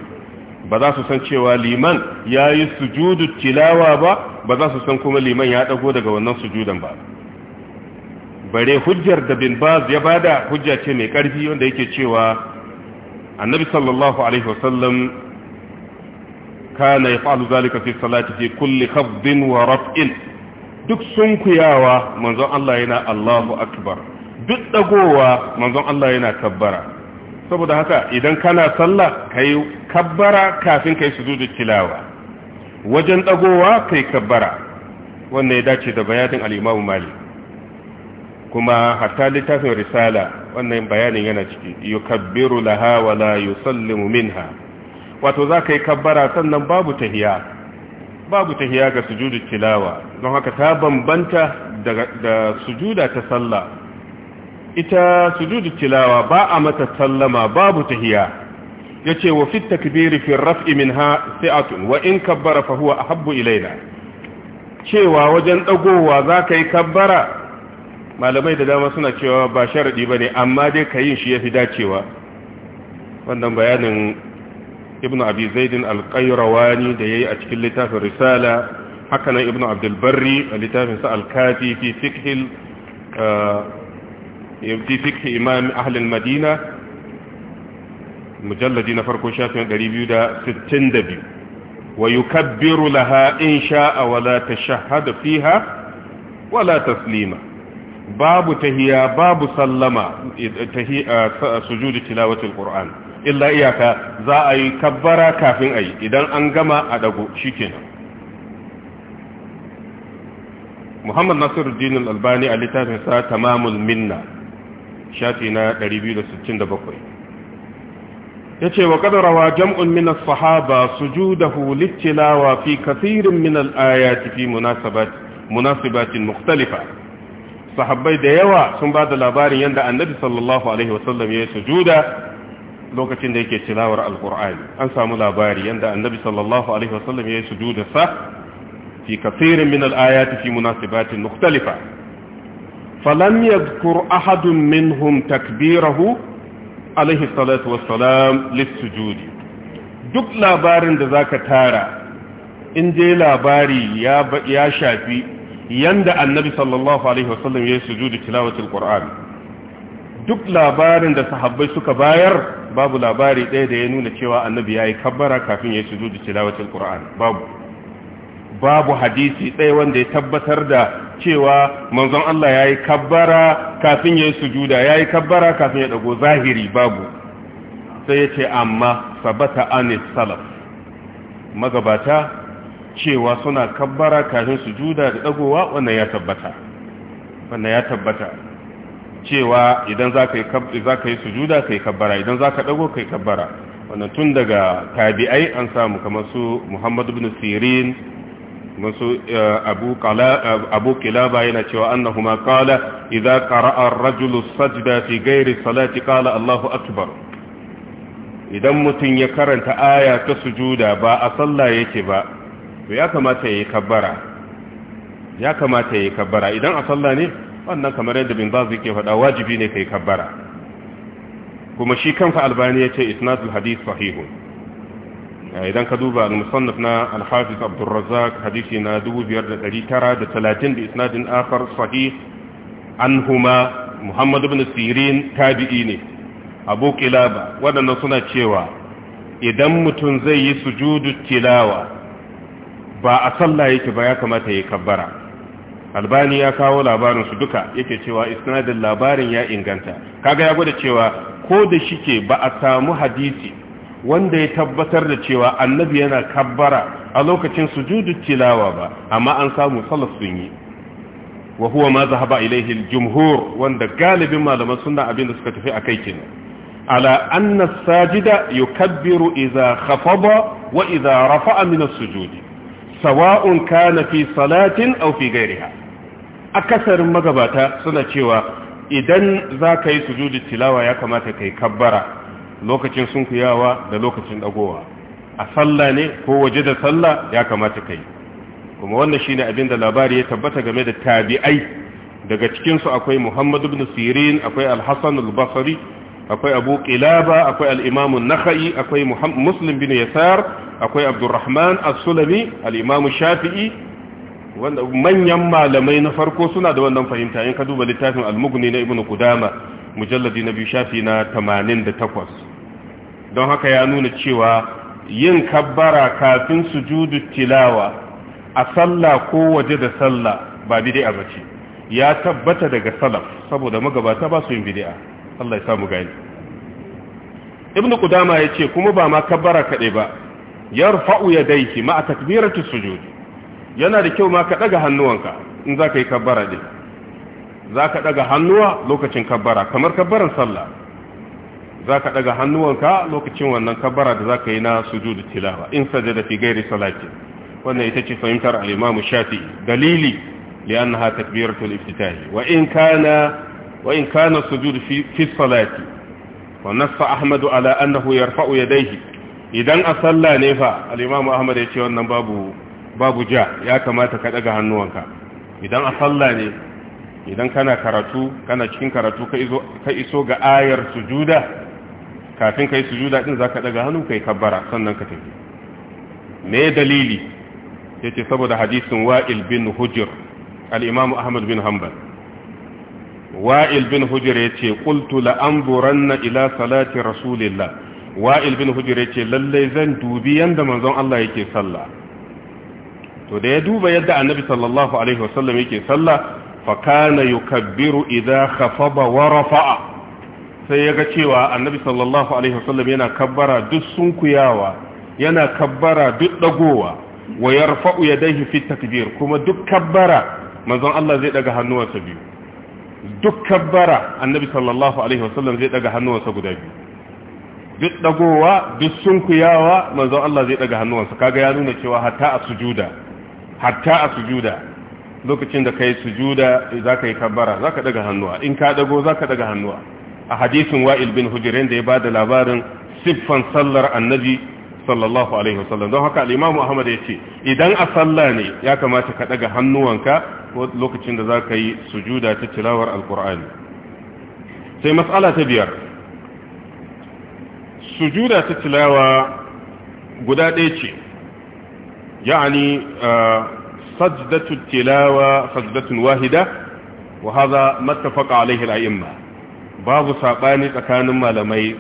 ba za su san cewa liman ya yi sujudu tilawa ba ba za su san kuma liman ya ɗago daga wannan sujudan ba bare hujjar da bin baz ya bada hujja ce mai ƙarfi wanda yake cewa annabi sallallahu alaihi wasallam kana yaf'alu zalika fi salati fi kulli khafdin wa raf'in duk sunkuyawa manzon Allah yana Allahu akbar duk dagowa manzon Allah yana kabbara saboda haka idan kana sallah kai kabbara kafin kai sujudu tilawa wajen dagowa kai kabbara wannan ya dace da bayanin al-Imam Malik kuma hatta littafin risala wannan bayanin yana ciki yukabbiru laha wa yusallimu minha wato zaka yi kabbara sannan babu tahiya babu tahiya ga sujudu tilawa don haka ta bambanta da sujuda ta sallah ita sujudu tilawa ba a mata sallama babu tahiya yace wa fit takbiri fi raf'i minha sa'atun wa in kabbara fa huwa ahabbu ilaina cewa wajen dagowa zaka yi kabbara malamai da dama suna cewa ba sharaɗi ba ne amma dai ka yin shi ya fi dacewa wannan bayanin ibn abi zaidin alƙairawani da ya yi a cikin littafin risala hakanan ibn abdulbarri a littafinsa alkafi fi fikhil eh, fikhi ahlin madina mujalladi na farko shafin 262 wa yukabbiru laha in sha'a wala tashahhadu fiha wala taslima babu tahiya babu sallama eh, sujudu tilawatul qur'an illa iyaka za a yi kabbara kafin ayi idan an gama a dago shikenan Muhammad Nasiruddin Al-Albani a littafin sa Tamamul Minna shafi na 267 yace wa qadarawa jam'un min as-sahaba sujudahu lit-tilawa fi kathirin min al-ayati fi munasabat munasibatin mukhtalifa sahabbai da yawa sun ba da labarin yadda annabi sallallahu alaihi wasallam ya yi sujuda lokacin da yake tilawar alkur'ani an samu labari yadda annabi sallallahu alaihi wasallam ya yi sujuda sa fi kasirin min al'ayati fi munasibatin mukhtalifa falam yadhkur ahadun minhum takbirahu alaihi salatu wassalam lissujudi duk labarin da zaka tara in dai labari ya shafi yanda annabi sallallahu alaihi wasallam ya yi sujudu tilawatul qur'an duk labarin da sahabbai suka bayar babu labari ɗaya da ya nuna cewa annabi ya yi kabbara kafin ya yi sujudu tilawatul qur'an babu babu hadisi ɗaya wanda ya tabbatar da cewa manzon Allah ya yi kabbara kafin ya yi sujuda ya yi kabbara kafin ya ɗago zahiri babu sai yace amma sabata anis salaf magabata cewa suna kabbara kafin sujuda da dagowa wannan ya tabbata wannan ya tabbata cewa idan za ka yi zaka yi sujuda kai kabbara idan zaka dago yi kabbara wannan tun daga tabi'ai an samu kamar su Muhammadu ibn Sirin kamar su eh, eh, Abu kilaba yana cewa "Annahu qala idza qara'a ar-rajulu sajda fi ghairi salati kala Allahu akbar idan mutum ya karanta aya ta sujuda ba a sallah yake ba to ya kamata yayi kabbara ya kamata yi kabbara idan a sallah ne wannan kamar yadda bin bazu ke faɗa wajibi ne kai kabbara kuma shi kanfa albani yace isnadul hadith sahihun eh, idan ka duba al-musannaf na al-hafiz Abdul Razzaq hadisi na 5930 bi isnadin akhar sahih anhuma Muhammad ibn Sirin tabi'i ne Abu waɗannan wadannan suna cewa idan mutum zai yi sujudu tilawa ba a sallah yake ba ya kamata ya kabbara albani ya kawo labarin su duka yake cewa isnadin labarin ya inganta kaga ya gwada cewa ko da shike ba a samu hadisi wanda ya tabbatar da cewa annabi yana kabbara a lokacin sujudu tilawa ba amma an samu salaf sun yi wa huwa ma zahaba ilaihi al-jumhur wanda galibin malaman sunna abinda suka tafi akai kenan على yukabbiru الساجد يكبر wa خفض rafa'a رفع من السجود sawa'un kana fi salatin aw fi ghairiha akasarin magabata suna cewa idan za ka yi sujudi tilawa ya kamata kai kabbara lokacin sunkuyawa da lokacin dagowa a sallah ne ko waje da sallah ya kamata kai kuma wannan shine abin da labari ya tabbata game da tabi'ai daga cikinsu akwai Muhammad ibn Sirin akwai Alhassan hasan al akwai abu akwai al Naka'i, akwai muslim bin yasar akwai abdurrahman as-sulami al shafi'i wanda manyan malamai na farko suna da wannan fahimta yin ka duba littafin al-mughni na ibnu qudama mujalladi na biyu shafi na 88 don haka ya nuna cewa yin kabbara kafin sujudu tilawa a sallah ko waje da sallah ba bid'a bace ya tabbata daga salaf saboda magabata ba su yin bid'a Allah ya samu gani ibnu qudama yace kuma ba ma kabbara kade ba yarfa'u yadayhi ma takbiratu sujud yana da kyau ma ka daga hannuwanka in zaka yi kabbara din zaka daga hannuwa lokacin kabbara kamar kabbaran sallah zaka daga hannuwanka lokacin wannan kabbara da za ka yi na sujud tilawa in sajada fi ghairi salati wannan ita ce fahimtar al-imam shafi'i dalili li'annaha al iftitah wa in kana وإن كان السجود في, في الصلاة wa أحمد على ala يرفع يديه إذن idan a الإمام أحمد fa al-imam جاء yace wannan babu babu ja ya kamata ka hannuwanka idan a idan kana karatu kana cikin karatu ka iso ka iso ga ayar sujuda kafin kai sujuda din zaka daga hannu kai kabbara sannan ka tafi me dalili yace saboda hadisin wa'il bin hujr al-imam ahmad bin hanbal wa'il bin hujjar ya ce ƙultu an buranna ila salati rasulillah wa'il bin hujjar ya ce lallai zan dubi yadda manzon Allah yake sallah to da ya duba yadda annabi sallallahu alaihi wasallam yake sallah fakana yukabbiru idza khafaba wa rafa'a sai yaga cewa annabi sallallahu alaihi wasallam yana kabbara duk sunkuyawa yana kabbara duk dagowa wa yarfa'u yadayhi fi takbir kuma duk kabbara manzon Allah zai daga hannuwansa biyu Dukkan bara annabi sallallahu alaihi wasallam zai daga hannuwansa guda biyu duk dagowa duk sunkuyawa manzon Allah zai daga hannuwansa kaga ya nuna cewa hatta a sujuda hatta a sujuda lokacin da kai sujuda eh, zaka yi kabbara zaka daga hannuwa in ka dago zaka daga hannuwa a hadisin wa'il bin hujirin da ya bada labarin siffan sallar annabi sallallahu alaihi wasallam don haka al-imamu ahmad yace idan a salla ne ya kamata ka daga hannuwanka lokacin da zaka yi sujuda ta tilawar alqur'ani sai mas'ala ta biyar sujuda ta tilawa guda ɗaya ce yani uh, sajdatu tilawa sajdatun wahida wa hadha mattafaqa alaihi al-a'imma babu sabani tsakanin malamai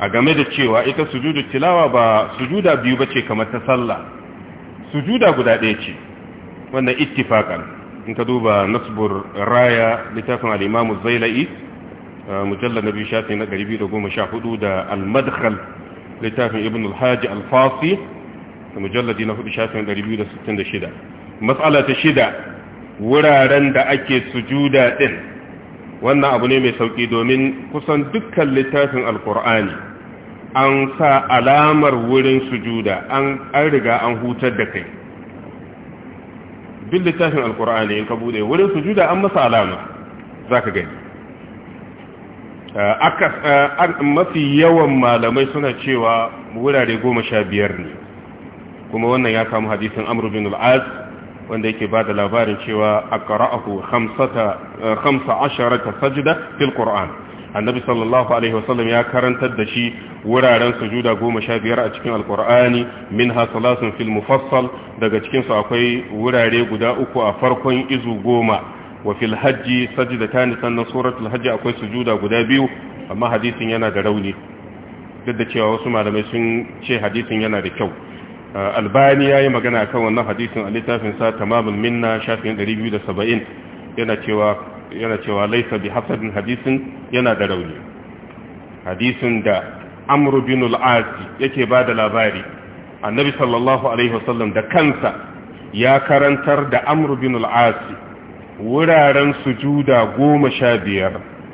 a game da cewa ita sujudu tilawa ba sujuda biyu ba ce kamar ta sallah sujuda guda ɗaya ce wannan ittifakan in ka duba nasbur raya littafin al'imamu zaila'i mujallar na biyu shafi na biyu da goma sha hudu da madkhal littafin ibn al-hajji al-fasi da mujalladi na 4 shafi na shida matsala ta shida wuraren da ake sujuda ɗin wannan abu ne mai sauƙi domin kusan dukkan littafin alkur'ani an sa alamar wurin sujuda an an riga an hutar da kai duk littafin alkur'ani in ka bude wurin sujuda an masa alama zaka gani mafi yawan malamai suna cewa wurare goma sha biyar ne kuma wannan ya samu hadisin amru bin al'az wanda yake ba da labarin cewa a ƙara'ahu hamsa asharata sajida fil qur'an annabi sallallahu alaihi wasallam ya karantar da shi wuraren sujuda goma sha biyar a cikin alkur'ani min hasalasun fil mufassal daga cikinsu akwai wurare guda uku a farkon izu goma wa fil hajji sajida tani sannan suratul hajji akwai sujuda guda biyu amma hadisin yana da rauni duk da cewa wasu malamai sun ce hadisin yana da kyau uh, albani ya yi magana akan wannan hadisin a littafin sa tamamul minna shafin 270 yana cewa yana cewa laisa bi hadisin yana da rauni hadisin da amru bin al-asi yake bada labari annabi sallallahu alaihi wasallam da kansa ya karantar da amru bin al-asi wuraren sujuda goma sha biyar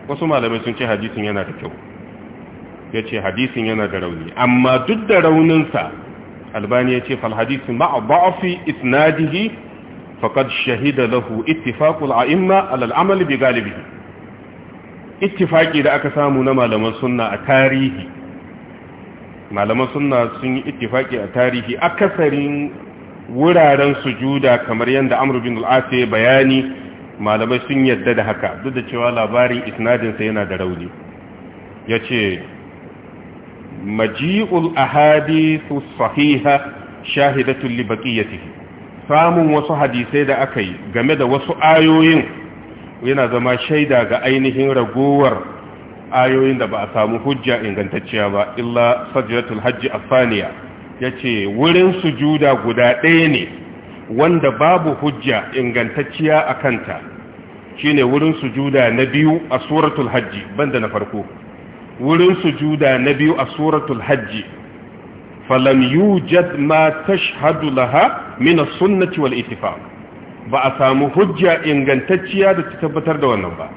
wasu malamai sun ce hadisin yana da kyau ya ce hadisin yana da rauni amma duk da rauninsa albani ya ce falhadisi ma'a isnadihi faqad shahida lahu ittifaƙul a'imma alal amali bi galibi ittifaki da aka samu na malaman sunna a tarihi malaman sunna sun yi ittifaki a tarihi akasarin wuraren sujuda kamar yadda amru bin al'afi bayani malamai sun yadda da haka duk da cewa labarin isnadinsa yana da rauni ya ce maji'ul ahadithu sahiha shahidatul libaqiyatihi samun wasu hadisai da aka yi game da wasu ayoyin yana zama shaida ga ainihin ragowar ayoyin da ba a samu hujja ingantacciya ba illa sajdatul hajji afaniya yace wurin sujuda guda ɗaya ne wanda babu hujja ingantacciya a kanta shine wurin sujuda na biyu a suratul hajji banda na farko wurin sujuda na biyu a suratul hajji falam yujad ma tashhadu laha min as-sunnati wal ittifaq ba a samu hujja ingantacciya da ta tabbatar da wannan ba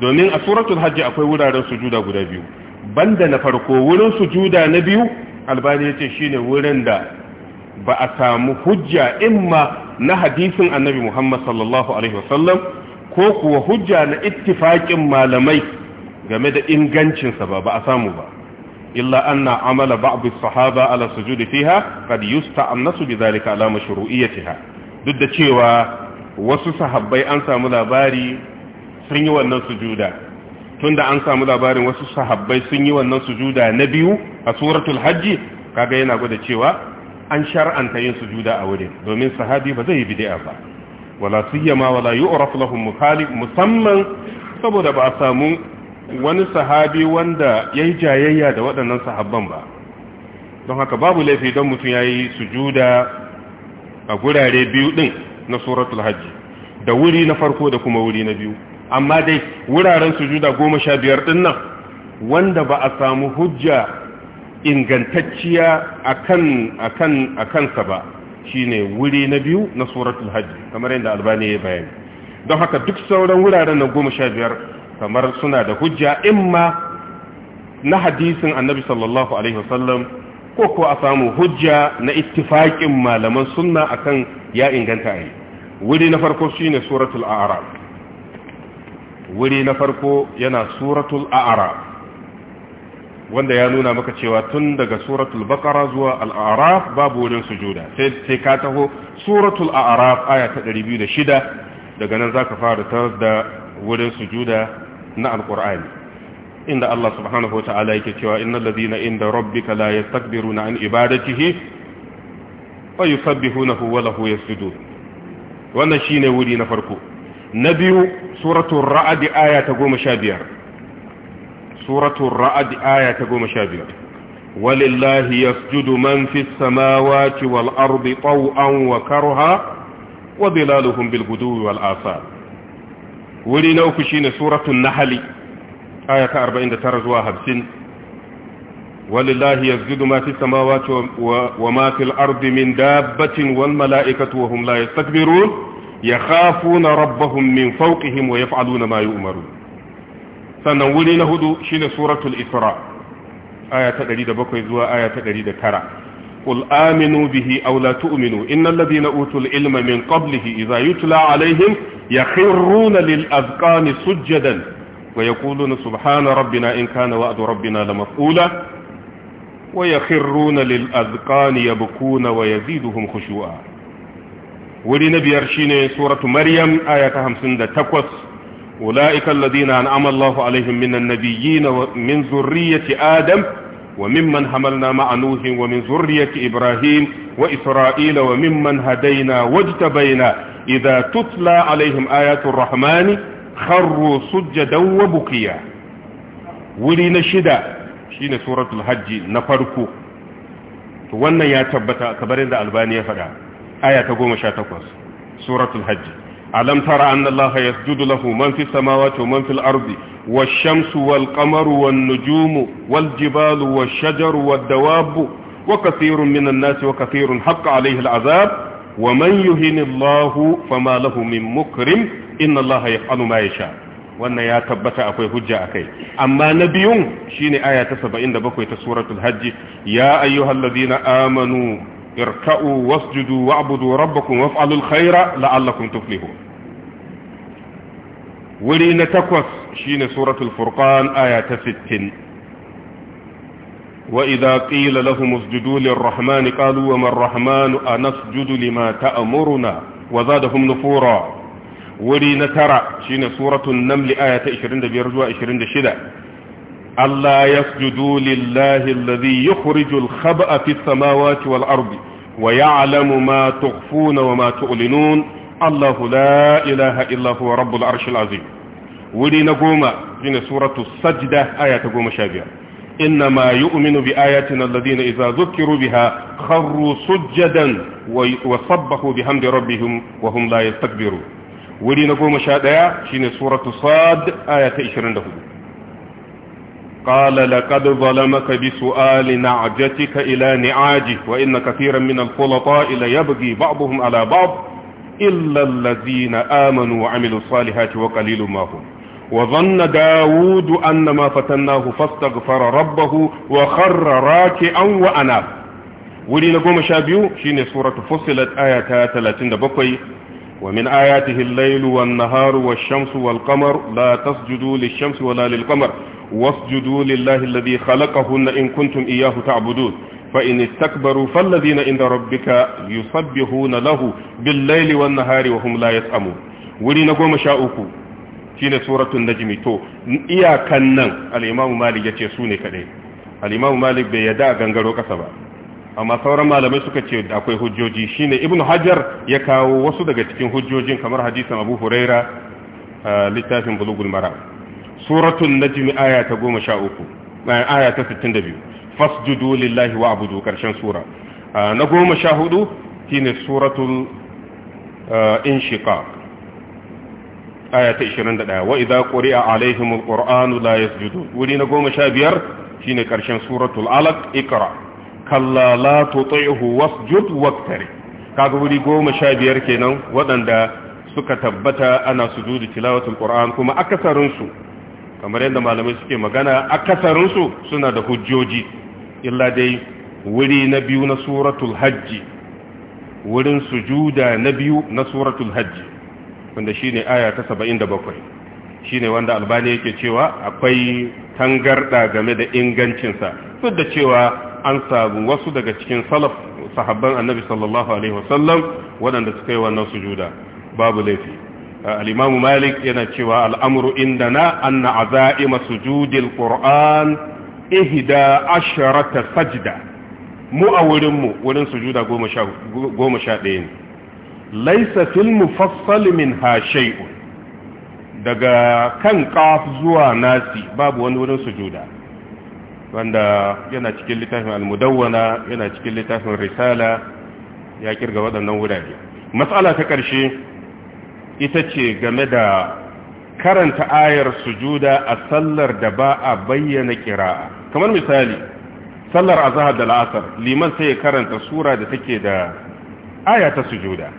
domin a suratul hajji akwai wuraren sujuda guda biyu banda na farko wurin sujuda na biyu albani ya ce shine wurin da ba a samu hujja imma na hadisin annabi muhammad sallallahu alaihi wasallam ko kuwa hujja na ittifaƙin malamai game da ingancinsa ba ba a samu ba illa anna amala ba'd as-sahaba ala sujudi fiha qad yusta'annasu bi dhalika ala mashru'iyyatiha duk da cewa wasu sahabbai an samu labari sun yi wannan sujuda tunda an samu labarin wasu sahabbai sun yi wannan sujuda na biyu a suratul hajji kaga yana gwada cewa an shar'anta yin sujuda a wurin domin sahabi ba zai yi bid'a ba wala siyama wala yu'raf lahum mukhalif musamman saboda ba a samu wani sahabi wanda yayi jayayya da waɗannan sahabban ba don haka babu laifi don mutum yayi sujuda a gurare biyu din na suratul hajji da wuri na farko da kuma wuri na biyu amma dai wuraren sujuda goma sha biyar din nan wanda ba a samu hujja ingantacciya akan akan akansa ba shine wuri na biyu na suratul hajji kamar yadda albani ya bayani don haka duk sauran wuraren na goma sha biyar kamar suna da hujja imma na hadisin annabi sallallahu alaihi wasallam ko ko a samu hujja na ittifaƙin malaman sunna akan ya inganta a wuri na farko shine suratul a'raf wuri na farko yana suratul a'raf wanda ya nuna maka cewa tun daga suratul baqara zuwa al-a'raf babu wurin sujuda sai sai ka taho suratul a'raf aya ta 206 daga nan zaka fara tar da wurin sujuda na Alƙur'ani. inda Allah subhanahu wa ta'ala yake cewa innal ladina inda rabbika la na an ibadatihi wa yusabbihunahu wa lahu yasjudun wannan shi ne wuri na farko na biyu suratul ra'd aya ta 15 suratul ra'd aya ta biyar. walillahi yasjudu man fis samawati wal ardi an wa karha wa bilaluhun bil wal asal wuri na uku shi shine suratul nahl aya ta 49 zuwa 50 walillahi yasjudu ma fi samawati wa ma fil ardi min dabbatin wal mala'ikatu wa hum la yastakbirun yakhafuna rabbahum min fawqihim wa yaf'aluna ma yu'marun sannan wuri na hudu shine suratul isra aya ta 107 zuwa aya ta 109 قل آمنوا به أو لا تؤمنوا إن الذين أوتوا العلم من قبله إذا يتلى عليهم يخرون للأذقان سجدا ويقولون سبحان ربنا إن كان وعد ربنا لمفعولا ويخرون للأذقان يبكون ويزيدهم خشوعا ولي نبي أرشيني سورة مريم آية 58 أولئك الذين أنعم الله عليهم من النبيين ومن ذرية آدم وممن حملنا مع نوح ومن ذرية إبراهيم وإسرائيل وممن هدينا واجتبينا إذا تتلى عليهم آيات الرحمن kharru sujjadan wa bukiya wuri na shida shine suratul hajji na farko to wannan ya tabbata kabarin da albani ya faɗa aya ta 18 suratul hajji alam tara anna allaha yasjudu lahu man fis samawati wa man fil ardi nujumu wal-jibalu dawabu wa kathirun minan nasi wa kathirun haqqo alayhi wa man min mukrim إن الله يفعل ما يشاء وأن تبت أكوي هجة أكي أما نبيون شين آية تسبع عند بكوية سورة الهج يا أيها الذين آمنوا اركعوا واسجدوا وعبدوا ربكم وافعلوا الخير لعلكم تفلحون ولين تكوس شيني سورة الفرقان آية ستين وإذا قيل لهم اسجدوا للرحمن قالوا وما الرحمن أنسجد لما تأمرنا وزادهم نفورا wuri na tara shine suratul naml aya ta 25 zuwa 26 Allah yasjudu lillahi alladhi yukhrijul khaba'a fis samawati wal ardi wa ya'lamu ma tukhfuna wa ma tu'linun Allahu la ilaha illa huwa rabbul arshil azim wuri na goma shine suratul sajda aya ta 15 إنما يؤمن بآياتنا الذين إذا ذكروا بها خروا سجدا وصبحوا بحمد ربهم وهم لا يستكبرون wuri na goma sha ɗaya shi ne suratu sad aya ta 24 ƙala laƙad zalamaka bi su'ali na ajatika ila ni'aji wa inna kafiran min al-fulata ila yabghi ba'dhum ala ba'd illa allazina amanu wa amilu salihati wa qalilum ma hum wa dhanna daud anna ma fatannahu fastaghfara wa kharra raki'an wa ana wuri na goma sha biyu shine ne suratu fusilat aya ta 37 ومن آياته الليل والنهار والشمس والقمر لا تسجدوا للشمس ولا للقمر واسجدوا لله الذي خلقهن إن كنتم إياه تعبدون فإن استكبروا فالذين عند ربك يسبحون له بالليل والنهار وهم لا يسأمون ولينا قوم شاؤكم shine suratul najmi to iyakan nan al-imamu malik yace su ne kadai al-imamu malik bai yada gangaro kasa ba amma sauran malamai suka ce da akwai hujjoji shine ibnu hajar ya kawo wasu daga cikin hujjojin kamar hadisan abu huraira littafin bulugul mara suratul najm aya ta 13 aya ta 62 fasjudu lillahi wa'budu karshen sura na 14 shine suratul inshiqaq aya ta 21 wa idza quri'a alaihimul qur'anu la yasjudun wuri na 15 shine karshen suratul alaq ikra kalla la wasjud waqtari kaga wuri goma sha biyar kenan waɗanda suka tabbata ana sujudu tilawatul qur'an kuma akasarun su kamar yadda malamai suke magana akasarun su suna da hujjoji illa dai wuri na biyu na suratul hajj wurin sujuda na biyu na suratul hajj wanda shine aya ta 77 shine wanda albani yake cewa akwai tangarda game da ingancinsa duk da cewa an samu wasu daga cikin salaf sahabban annabi sallallahu alaihi wasallam waɗanda suka yi wannan sujuda babu laifi uh, al-imamu malik yana cewa al'amru indana anna azaima sujudil qur'an ihda asharata sajida mu a wurinmu wurin sujuda goma sha ɗaya ne laisa filmu mufassal min daga kan ƙaf zuwa nasi babu wani wurin sujuda wanda yana cikin littafin almudawwana yana cikin littafin risala ya kirga waɗannan wurare matsala ta ƙarshe ita ce game da karanta ayar sujuda a sallar da ba a bayyana kira'a kamar misali sallar azhar da la'asar liman sai ya karanta sura da take da aya ta sujuda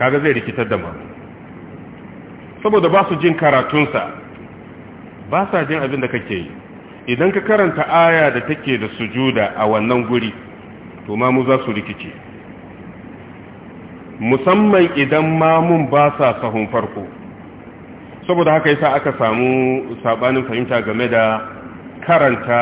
kaga zai rikitar da mu saboda ba su jin karatunsa ba sa jin abin da kake yi idan ka karanta aya da take da sujuda a wannan guri to mamu za su rikice musamman idan mamun ba sa sahun farko saboda haka yasa aka samu sabanin fahimta game da karanta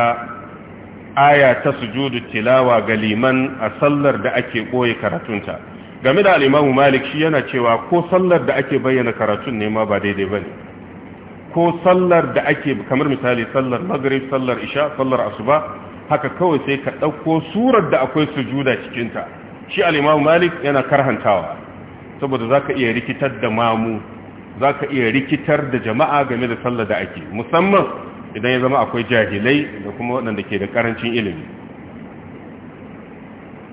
aya ta sujudu tilawa ga liman a sallar da ake koyi karatunta game da al'imamu malik shi yana cewa ko sallar da ake bayyana karatun ne ma ba daidai ba ne ko sallar da ake kamar misali sallar maghrib sallar isha sallar asuba haka kawai sai ka ɗauko surar da akwai sujuda cikinta shi imam malik yana karhantawa saboda za ka iya rikitar da mamu za ka iya rikitar da jama'a game da sallar da ake musamman idan ya zama akwai jahilai da kuma waɗanda ke da ƙarancin ilimi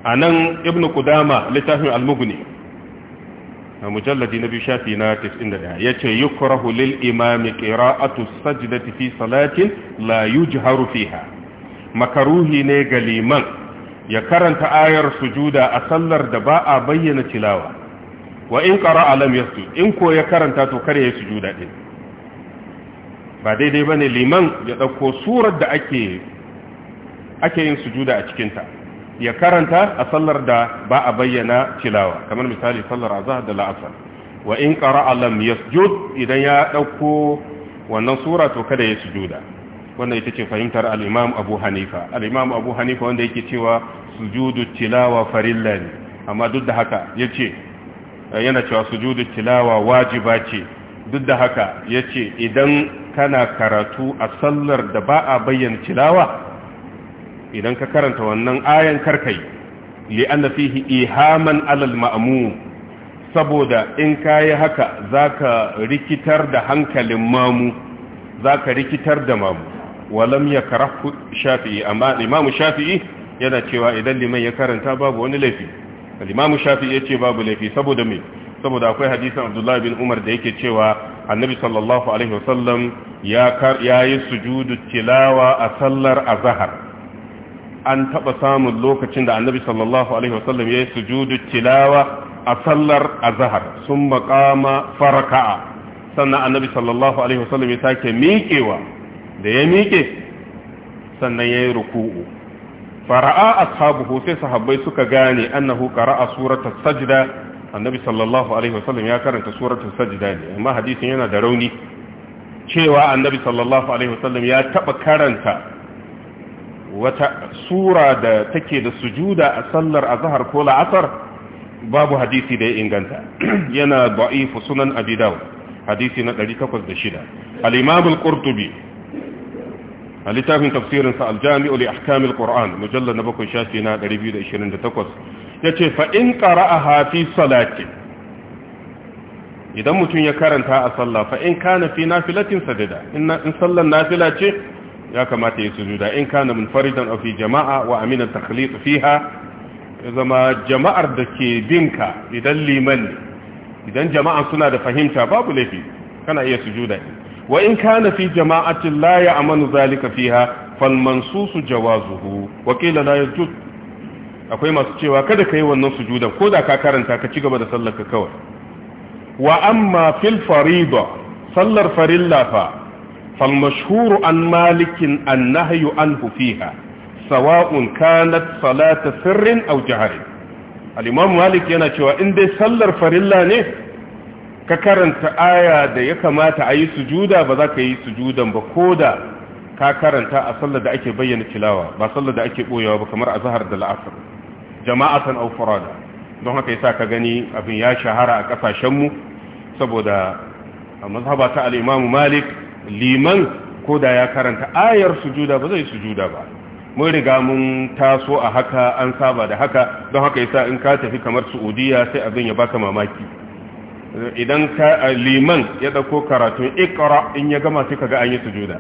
a nan ibn kudama littafin almugni a mujalladi na biyu shafi na 91 ya ce yi kurahu lil imami ƙira'atu da tafi salatin la yujharu fiha makaruhi ne ga liman ya karanta ayar sujuda a sallar da ba a bayyana tilawa wa in ƙara alam ya in ko ya karanta to kare ya sujuda ɗin ba daidai ba ne liman ya ɗauko surar da ake yin sujuda a cikinta ya karanta a sallar da ba a bayyana tilawa kamar misali sallar azhar da la'asar wa in qara'a lam yasjud idan ya ɗauko wannan sura to kada ya sujuda wannan ita ce fahimtar al Abu Hanifa al Abu Hanifa wanda yake cewa sujudu tilawa farilla ne amma duk da haka ce yana cewa sujudu tilawa wajiba ce duk da haka yace idan kana karatu a sallar da ba a bayyana tilawa idan ka karanta wannan ayan karkai li'anna fihi ihaman alal ma'mum saboda in kayi haka zaka rikitar da hankalin mamu zaka rikitar da mamu walam yakrahu shafi'i amma imam shafi'i yana cewa idan liman ya karanta babu wani laifi imam shafi'i yace babu laifi saboda me saboda akwai hadisin Abdullahi bin Umar da yake cewa Annabi sallallahu alaihi wasallam ya kar yayi sujudu tilawa a sallar azhar an taɓa samun lokacin da annabi sallallahu alaihi wasallam ya yi sujudu tilawa a sallar azhar sun maƙama faraka'a sannan annabi sallallahu alaihi wasallam ya sake miƙewa da ya miƙe sannan ya yi ruku'u fara'a ashabuhu sai sahabbai suka gane annahu qara'a surata sajda annabi sallallahu alaihi wasallam ya karanta suratul sajda ne amma hadisin yana da rauni cewa annabi sallallahu alaihi wasallam ya taɓa karanta wata sura da take da sujuda a sallar azhar ko la'asar babu hadisi da ya inganta yana da'ifu sunan abi dawud hadisi na 806 al-imam al-qurtubi a littafin tafsirin sa al-jami'u li ahkam al-qur'an mujallad na 7 shafi na 228 yace fa in qara'aha fi salati idan mutum ya karanta a sallah fa in kana fi nafilatin sadida in sallan nafila ce ya kamata ya sujuda in kana munfaridan fi jama'a wa amina fiha zama jama'ar da ke binka idan liman ne idan jama'a suna da fahimta babu laifi kana iya sujuda wa in kana fi jama'atin la ya'manu zalika fiha fal mansusu jawazuhu wa qila la yajuz akwai masu cewa kada kai wannan sujudan ko da ka karanta ka ci gaba da sallar ka kawai wa amma fil farida sallar farilla fa فالمشهور عن مالك النهي عنه فيها سواء كانت صلاة سر أو جهر الإمام مالك يناتي إن دي سلر فرلا نه ككرنت آية دي يكما تعي سجودا بذاك يي سجودا بكودا ككرنت أصلا دا أكي بيّن تلاوة بصلا دا أكي بويا وبكمر أظهر دا الأثر جماعة أو فرادا don haka yasa ka gani abin ya shahara a kasashenmu saboda a mazhaba ta al-Imam Malik liman ko da ya karanta ayar sujuda ba zai sujuda ba mun riga mun taso a haka an saba da haka don haka yasa in ka tafi kamar Saudiya sai abin ya baka mamaki idan ka liman ya dauko karatu iqra in ya gama sai kaga an yi sujuda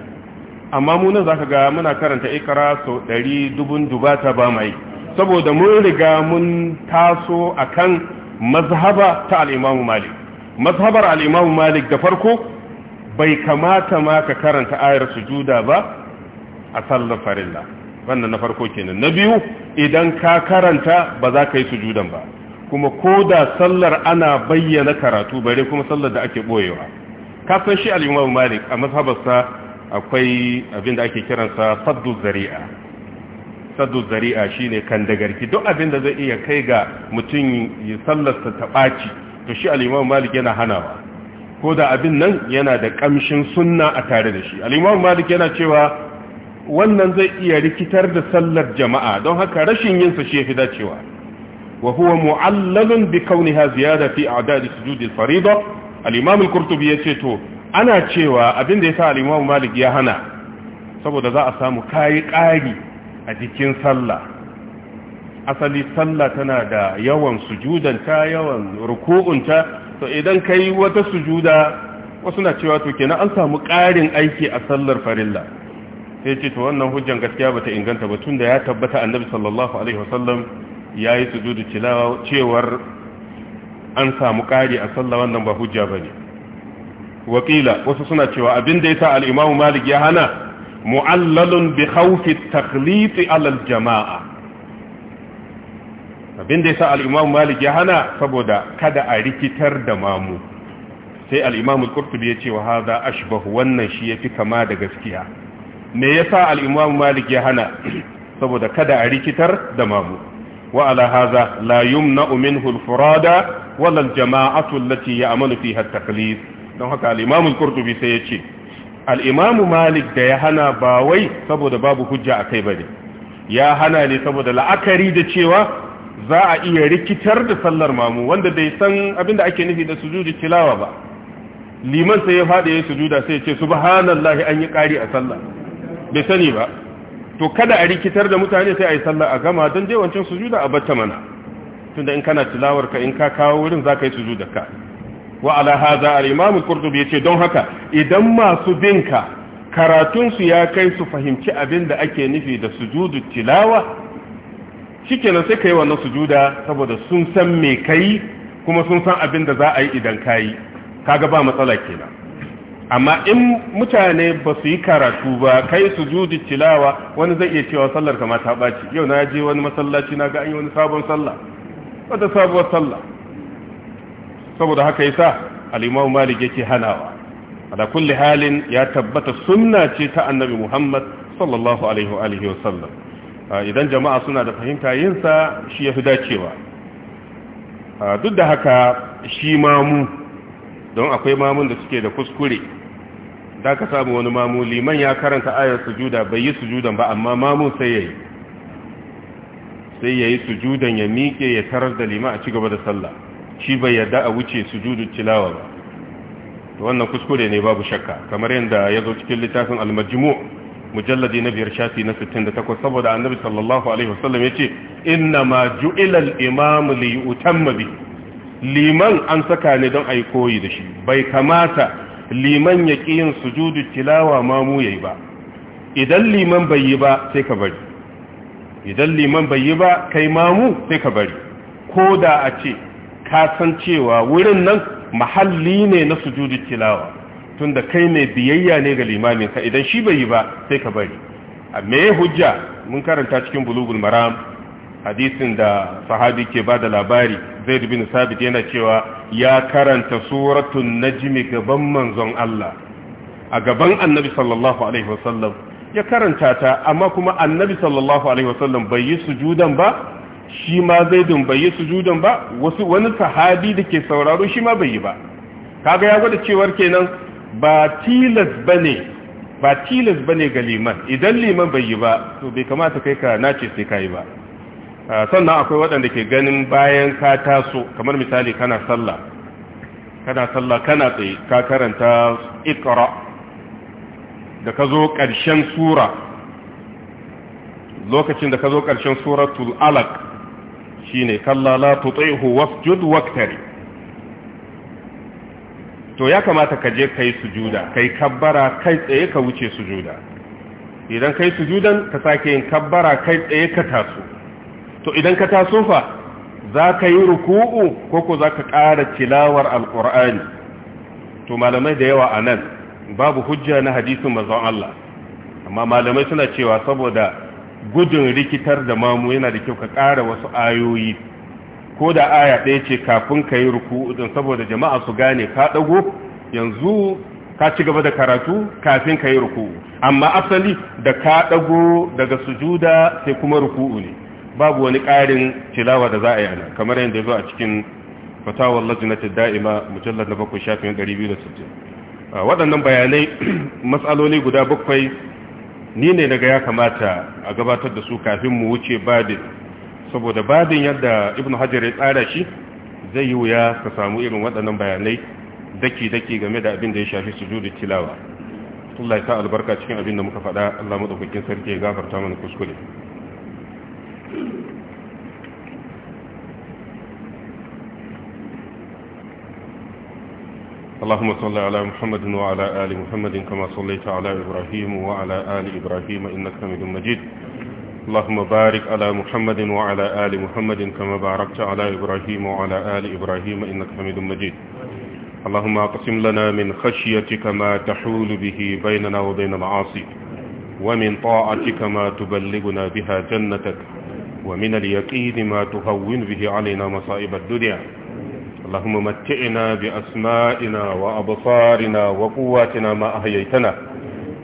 amma mu nan zaka ga muna karanta iqra so 100 dubun dubata ba mai saboda mun riga mun taso akan mazhaba ta al-Imam Malik mazhabar al-Imam Malik da farko bai kamata ma ka karanta ayar sujuda ba a sallar farilla wannan na farko kenan na biyu idan ka karanta ba za ka yi sujudan ba kuma ko da sallar ana bayyana karatu bare kuma sallar da ake boyewa kafin shi al-Imam Malik a mazhabarsa akwai abin da ake kiransa saddu zari'a saddu zari'a shine kan dagarki duk abin da zai iya kai ga mutum ya sallarsa ta ɓaci to shi al-Imam Malik yana hanawa ko da abin nan yana da ƙamshin sunna a tare da shi al'imamu malik yana cewa wannan zai iya rikitar da sallar jama'a don haka rashin yinsa shi fi dacewa wa huwa mu'allalun bi kauniha ziyada fi a'dadi sujudi farida al-imam al-qurtubi ce to ana cewa abin da yasa al malik ya hana saboda za a samu kai kari a jikin sallah asali sallah tana da yawan ta yawan ruku'unta to idan ka yi wata sujuda wasu na cewa to kenan an samu ƙarin aiki a sallar farilla sai ce to wannan hujjan gaskiya bata inganta ba tunda ya tabbata annabi sallallahu alaihi wasallam ya yi sujudu tilawa cewar an samu ƙari a sallar wannan ba hujja ba ne wakila wasu suna cewa abin da ya sa imamu malik ya hana mu'allalun bi khawfi at-takhlif ala al-jama'a abin da ya sa al'imamu Malik ya hana saboda kada a rikitar da mamu sai al-Imam ya ce wa hadha ashbahu wannan shi ya fi kama da gaskiya me yasa sa al'imamu Malik ya hana saboda kada a rikitar da mamu wa ala hadha la yumna'u minhu al-furada wala al-jama'atu allati ya'malu fiha don haka al-Imam sai ya ce al Malik da ya hana ba wai saboda babu hujja a ba bane ya hana ne saboda la'akari da cewa za a iya rikitar da sallar mamu wanda bai san abinda ake nufi da sujudi tilawa ba liman sai ya fada ya sujuda sai ya ce subhanallahi an yi kari a sallah bai sani ba to kada a rikitar da mutane sai a yi sallah a gama don je wancan sujuda a bata mana tunda in kana tilawar ka in ka kawo wurin za ka yi sujudar ka wa ala hadha al imam al-qurtubi yace don haka idan masu binka karatun su ya kai su fahimci abin da ake nufi da sujudu tilawa shikenan sai ka yi wannan sujuda saboda sun san me kai kuma sun san abin da za a yi idan ka yi kaga ba matsala kenan amma in mutane ba su yi karatu ba kai sujudi tilawa wani zai iya cewa sallar kamata ta ɓaci yau na je wani masallaci na ga an yi wani sabon sallah wata sabuwar sallah saboda haka yasa al-Imam Malik yake hanawa ala kulli halin ya tabbata sunna ce ta Annabi Muhammad sallallahu alaihi wa alihi wa sallam Ah, idan jama'a suna da fahimta yinsa shi ya fi dacewa ah, duk da haka shi mamu don akwai mamun da suke da kuskure da ka samu wani mamu liman ya karanta ayar sujuda bai yi sujudan ba amma mamu sai ya yi sai ya yi sujudan ya miƙe ya tarar da lima a cigaba da sallah shi bai yarda a wuce sujudun tilawa ba wannan kuskure ne babu shakka kamar yadda ya zo cikin littafin almajimu mujalladi na biyar shafi na 68 saboda annabi sallallahu alaihi wasallam yace inna ma ju'ila al-imamu li yutamma bi liman an saka ne don ai koyi da shi bai kamata liman ya ki yin sujudu tilawa ma mu yayi ba idan liman bai yi ba sai ka bari idan liman bai yi ba kai mamu sai ka bari ko da a ce ka san cewa wurin nan mahalli ne na sujudu tilawa tunda kai mai biyayya ne ga limamin ka idan shi bai yi ba sai ka bari a me hujja mun karanta cikin bulugul maram hadisin da sahabi ke ba da labari zaid bin sabit yana cewa ya karanta suratul najimi gaban manzon Allah a gaban annabi sallallahu alaihi wasallam ya karanta ta amma kuma annabi sallallahu alaihi wasallam bai yi sujudan ba shi ma zaidun bai yi sujudan ba wasu wani sahabi da ke sauraro shi ma bai yi ba kaga ya gwada cewar kenan ba tilas bane ba tilas bane ga liman idan liman bai yi ba to bai kamata kai ka nace sai ka yi ba ah, sannan akwai waɗanda ke ganin bayan ka taso kamar misali kana sallah kana sallah kana tsaye ka karanta ikra da ka zo ƙarshen sura lokacin da ka zo ƙarshen suratul alaq shine kalla la tuti'hu wasjud waqtari to ya kamata ka je ka yi sujuda ka yi kabbara kai tsaye ka wuce sujuda idan ka yi sujudan ka sake yin kabbara kai tsaye ka taso to idan ka taso fa za ka yi ruku'u ko ko za ka ƙara tilawar alƙur'ani to malamai da yawa a nan babu hujja na hadisin mazan Allah amma malamai suna cewa saboda gudun rikitar da mamu yana da kyau ka ƙara wasu ayoyi ko da aya ɗaya ce kafin ka yi ruku'u don saboda jama'a su gane ka ɗago yanzu ka ci gaba da karatu kafin ka yi ruku'u amma asali da ka ɗago daga sujuda sai kuma ruku'u ne babu wani ƙarin tilawa da za a yi ana kamar yadda zo a cikin fatawar lajinatar da'ima mujallar na bakwai shafin 260 waɗannan bayanai matsaloli guda bakwai ni ne daga ya kamata a gabatar da su kafin mu wuce babin saboda babin yadda ibn hajar ya tsara shi zai yi wuya ka samu irin waɗannan bayanai daki-daki game da abin da ya shafi su sujudu tilawa Allah ya sa albarka cikin abin da muka faɗa Allah madaukakin sarki ya gafarta mana kuskure اللهم صل على محمد وعلى آل محمد كما صليت على إبراهيم وعلى آل إبراهيم إنك حميد مجيد اللهم بارك على محمد وعلى آل محمد كما باركت على إبراهيم وعلى آل إبراهيم إنك حميد مجيد اللهم اقسم لنا من خشيتك ما تحول به بيننا وبين العاصي ومن طاعتك ما تبلغنا بها جنتك ومن اليقين ما تهون به علينا مصائب الدنيا اللهم متعنا بأسمائنا وأبصارنا وقواتنا ما أهيتنا